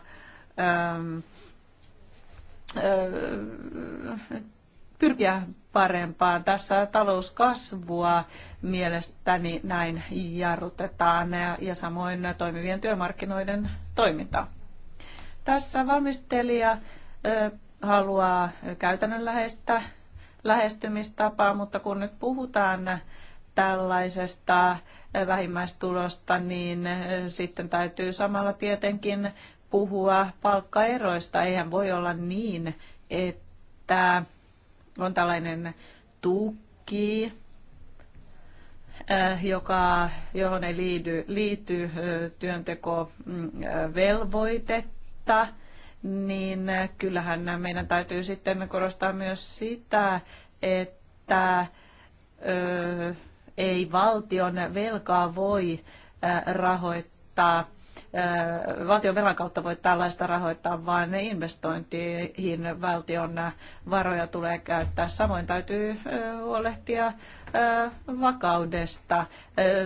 pyrkiä parempaan. Tässä talouskasvua mielestäni näin jarrutetaan ja, ja samoin toimivien työmarkkinoiden toiminta. Tässä valmistelija ö, haluaa käytännönläheistä lähestymistapaa, mutta kun nyt puhutaan tällaisesta vähimmäistulosta, niin sitten täytyy samalla tietenkin puhua palkkaeroista. Eihän voi olla niin, että on tällainen tuki, äh, joka, johon ei liity, liity äh, työntekovelvoitetta, niin äh, kyllähän meidän täytyy sitten korostaa myös sitä, että ei valtion velkaa voi rahoittaa valtion velan kautta voi tällaista rahoittaa, vaan investointiin valtion varoja tulee käyttää. Samoin täytyy huolehtia vakaudesta.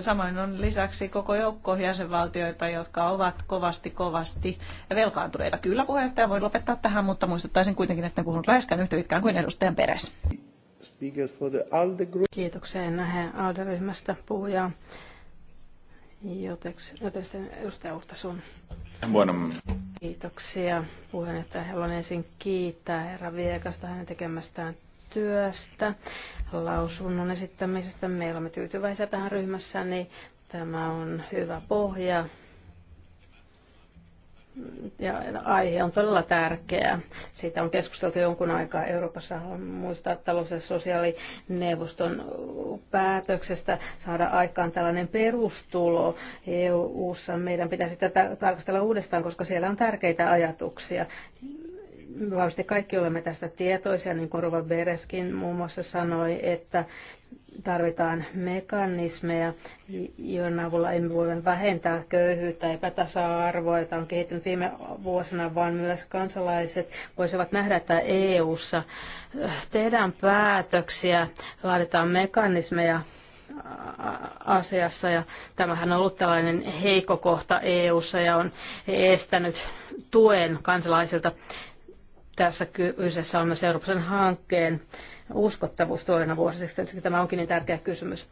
Samoin on lisäksi koko joukko jäsenvaltioita, jotka ovat kovasti, kovasti velkaantuneita. Kyllä puheenjohtaja voi lopettaa tähän, mutta muistuttaisin kuitenkin, että en puhunut läheskään yhtä pitkään kuin edustajan peres. Kiitoksia Enähe Alde-ryhmästä puhujaa. Joteksi joten sitten edustaja Uhta sun. Bueno. Kiitoksia puheenjohtaja. Haluan ensin kiittää herra Viekasta hänen tekemästään työstä, lausunnon esittämisestä. Me olemme tyytyväisiä tähän ryhmässä, niin tämä on hyvä pohja ja aihe on todella tärkeä. Siitä on keskusteltu jonkun aikaa Euroopassa. Haluan muistaa talous- ja sosiaalineuvoston päätöksestä saada aikaan tällainen perustulo EU-ssa. Meidän pitäisi tätä tarkastella uudestaan, koska siellä on tärkeitä ajatuksia varmasti kaikki olemme tästä tietoisia, niin kuin Ruva Bereskin muun muassa sanoi, että tarvitaan mekanismeja, joiden avulla emme voi vähentää köyhyyttä, epätasa-arvoa, jota on kehittynyt viime vuosina, vaan myös kansalaiset voisivat nähdä, että EU-ssa äh, tehdään päätöksiä, laaditaan mekanismeja asiassa ja tämähän on ollut tällainen heikko kohta EU:ssa ja on estänyt tuen kansalaisilta tässä kyseessä on myös Euroopan hankkeen uskottavuus tuolena vuosina, tämä onkin niin tärkeä kysymys.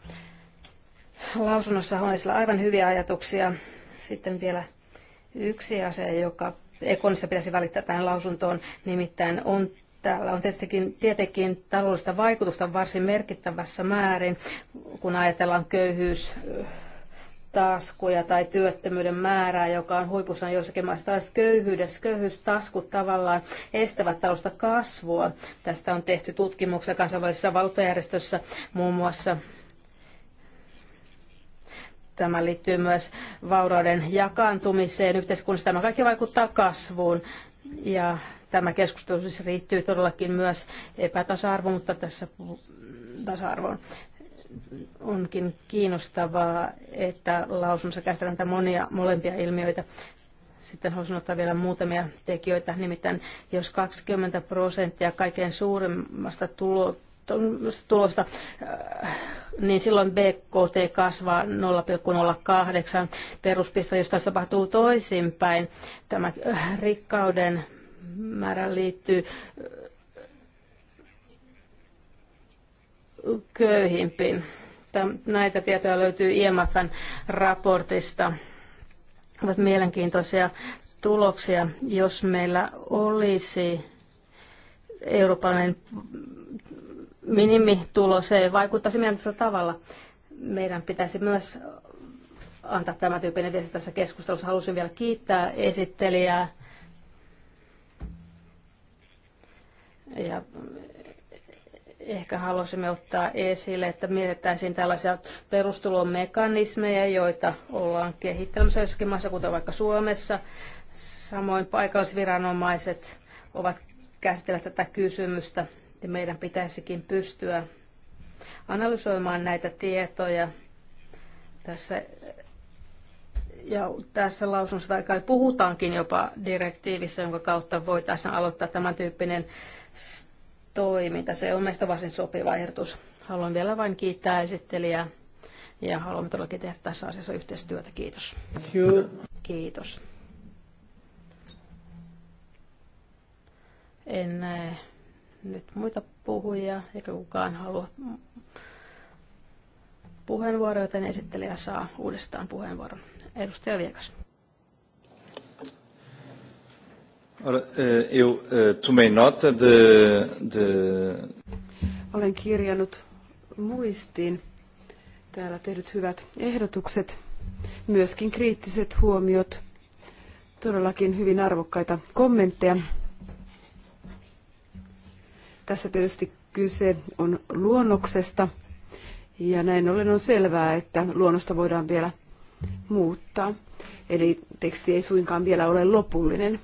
Lausunnossa on esillä aivan hyviä ajatuksia. Sitten vielä yksi asia, joka Ekonissa pitäisi välittää tähän lausuntoon, nimittäin on Täällä on tietenkin, tietenkin taloudellista vaikutusta varsin merkittävässä määrin, kun ajatellaan köyhyys, taskuja tai työttömyyden määrää, joka on huipussaan joissakin maissa. Tällaiset köyhyydessä, köyhyystaskut tavallaan estävät talousta kasvua. Tästä on tehty tutkimuksia kansainvälisessä valuuttajärjestössä muun muassa. Tämä liittyy myös vaurauden jakaantumiseen yhteiskunnassa. Tämä kaikki vaikuttaa kasvuun. Ja tämä keskustelu siis riittyy todellakin myös epätasa-arvoon, mutta tässä tasa-arvoon onkin kiinnostavaa, että lausunnossa käsitellään monia molempia ilmiöitä. Sitten haluaisin ottaa vielä muutamia tekijöitä, nimittäin jos 20 prosenttia kaikkein suurimmasta tulo, tulosta, äh, niin silloin BKT kasvaa 0,08 peruspista, jos taas tapahtuu toisinpäin. Tämä äh, rikkauden määrä liittyy äh, köyhimpiin. Näitä tietoja löytyy IMFn raportista. Ovat mielenkiintoisia tuloksia, jos meillä olisi eurooppalainen minimitulo, se vaikuttaisi mielenkiintoisella tavalla. Meidän pitäisi myös antaa tämä tyyppinen viesti tässä keskustelussa. Halusin vielä kiittää esittelijää ja ehkä halusimme ottaa esille, että mietittäisiin tällaisia perustulomekanismeja, joita ollaan kehittelemässä jossakin maassa, kuten vaikka Suomessa. Samoin paikallisviranomaiset ovat käsitellä tätä kysymystä ja meidän pitäisikin pystyä analysoimaan näitä tietoja. Tässä, ja tässä lausunnossa kai puhutaankin jopa direktiivissä, jonka kautta voitaisiin aloittaa tämän tyyppinen toiminta. Se on meistä varsin sopiva ehdotus. Haluan vielä vain kiittää esittelijää ja haluamme todellakin tehdä tässä asiassa yhteistyötä. Kiitos. Kiitos. En näe nyt muita puhujia, eikä kukaan halua puheenvuoroa, joten esittelijä saa uudestaan puheenvuoron. Edustaja Viekas. Ora, eh, eu eh, tomei nota de, de... Olen kirjannut muistiin täällä tehdyt hyvät ehdotukset, myöskin kriittiset huomiot, todellakin hyvin arvokkaita kommentteja. Tässä tietysti kyse on luonnoksesta ja näin ollen on selvää, että luonnosta voidaan vielä muuttaa. Eli teksti ei suinkaan vielä ole lopullinen.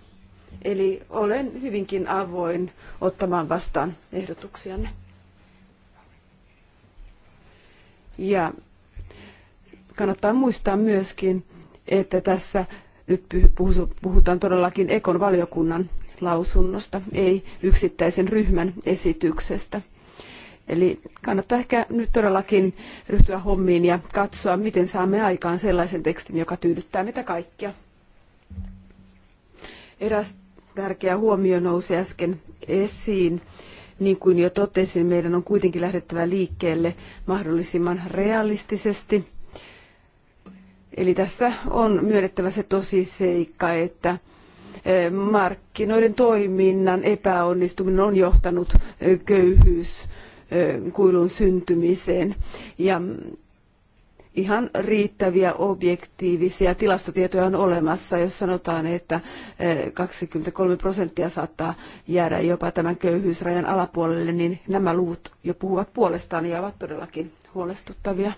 Eli olen hyvinkin avoin ottamaan vastaan ehdotuksianne. Ja kannattaa muistaa myöskin, että tässä nyt puhutaan todellakin Ekon valiokunnan lausunnosta, ei yksittäisen ryhmän esityksestä. Eli kannattaa ehkä nyt todellakin ryhtyä hommiin ja katsoa, miten saamme aikaan sellaisen tekstin, joka tyydyttää meitä kaikkia. Eräs tärkeä huomio nousi äsken esiin. Niin kuin jo totesin, meidän on kuitenkin lähdettävä liikkeelle mahdollisimman realistisesti. Eli tässä on myönnettävä se tosiseikka, että e, markkinoiden toiminnan epäonnistuminen on johtanut e, köyhyyskuilun e, syntymiseen. Ja ihan riittäviä objektiivisia tilastotietoja on olemassa, jos sanotaan, että 23 eh, prosenttia saattaa jäädä jopa tämän köyhyysrajan alapuolelle, niin nämä luvut jo puhuvat puolestaan ja ovat todellakin huolestuttavia.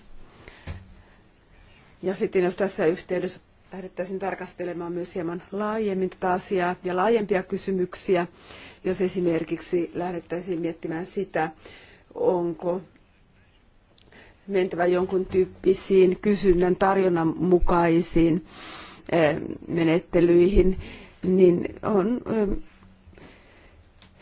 Ja sitten jos tässä yhteydessä lähdettäisiin tarkastelemaan myös hieman laajemmin tätä asiaa ja laajempia kysymyksiä, jos esimerkiksi lähdettäisiin miettimään sitä, onko mentävä jonkun tyyppisiin kysynnän tarjonnan mukaisiin eh, menettelyihin, niin on eh,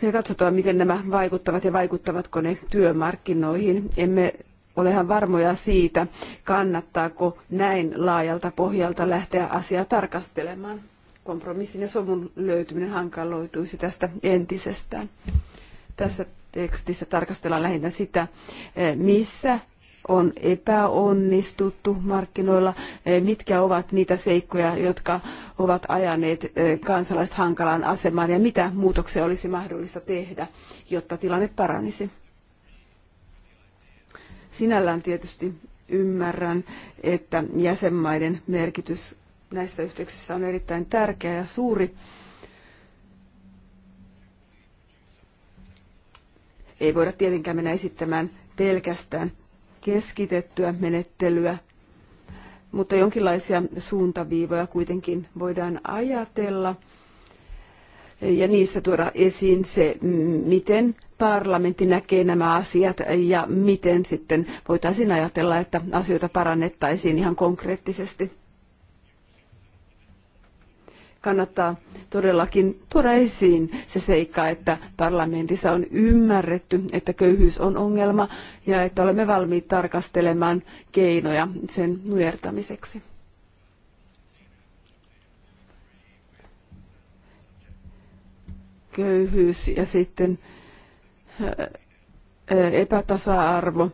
ja katsotaan, miten nämä vaikuttavat ja vaikuttavatko ne työmarkkinoihin. Emme olehan varmoja siitä, kannattaako näin laajalta pohjalta lähteä asiaa tarkastelemaan. Kompromissin ja sovun löytyminen hankaloituisi tästä entisestään. Tässä tekstissä tarkastellaan lähinnä sitä, eh, missä on epäonnistuttu markkinoilla, eh, mitkä ovat niitä seikkoja, jotka ovat ajaneet eh, kansalaiset hankalaan asemaan ja mitä muutoksia olisi mahdollista tehdä, jotta tilanne paranisi. Sinällään tietysti ymmärrän, että jäsenmaiden merkitys näissä yhteyksissä on erittäin tärkeä ja suuri. Ei voida tietenkään mennä esittämään pelkästään keskitettyä menettelyä, mutta jonkinlaisia suuntaviivoja kuitenkin voidaan ajatella ja niissä tuoda esiin se, miten parlamentti näkee nämä asiat ja miten sitten voitaisiin ajatella, että asioita parannettaisiin ihan konkreettisesti kannattaa todellakin tuoda esiin se seikka, että parlamentissa on ymmärretty, että köyhyys on ongelma ja että olemme valmiit tarkastelemaan keinoja sen nujertamiseksi. Köyhyys ja sitten epätasa-arvo.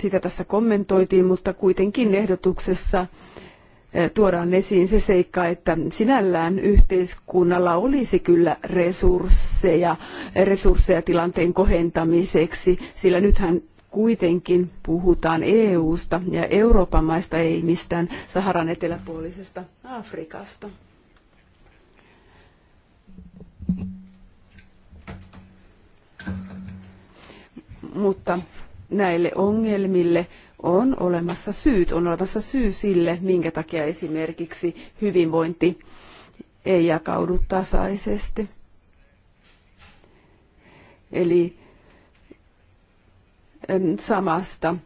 Sitä tässä kommentoitiin, mutta kuitenkin ehdotuksessa tuodaan esiin se seikka, että sinällään yhteiskunnalla olisi kyllä resursseja, resursseja tilanteen kohentamiseksi, sillä nythän kuitenkin puhutaan EU-sta ja Euroopan maista, ei mistään Saharan eteläpuolisesta Afrikasta. Mutta näille ongelmille on olemassa syyt, on olemassa syy sille, minkä takia esimerkiksi hyvinvointi ei jakaudu tasaisesti. Eli samasta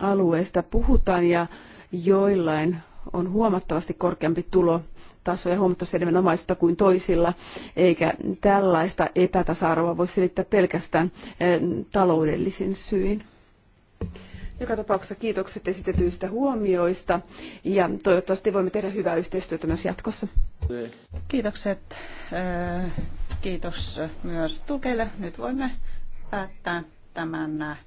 alueesta puhutaan ja joillain on huomattavasti korkeampi tulotaso ja huomattavasti enemmän omaisuutta kuin toisilla, eikä tällaista epätasa-arvoa voi selittää pelkästään taloudellisin syin. Joka tapauksessa kiitokset esitetyistä huomioista ja toivottavasti voimme tehdä hyvää yhteistyötä myös jatkossa. Kiitokset. Äh, kiitos myös tukelle. Nyt voimme päättää tämän äh,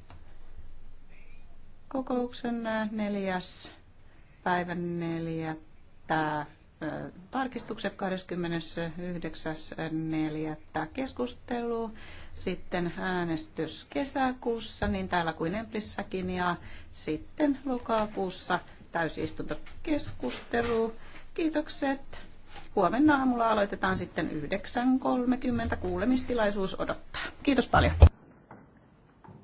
kokouksen äh, neljäs päivän neljättä tarkistukset 29.4. keskustelu, sitten äänestys kesäkuussa, niin täällä kuin Emplissäkin, ja sitten lokakuussa täysistuntokeskustelu. Kiitokset. Huomenna aamulla aloitetaan sitten 9.30. Kuulemistilaisuus odottaa. Kiitos paljon.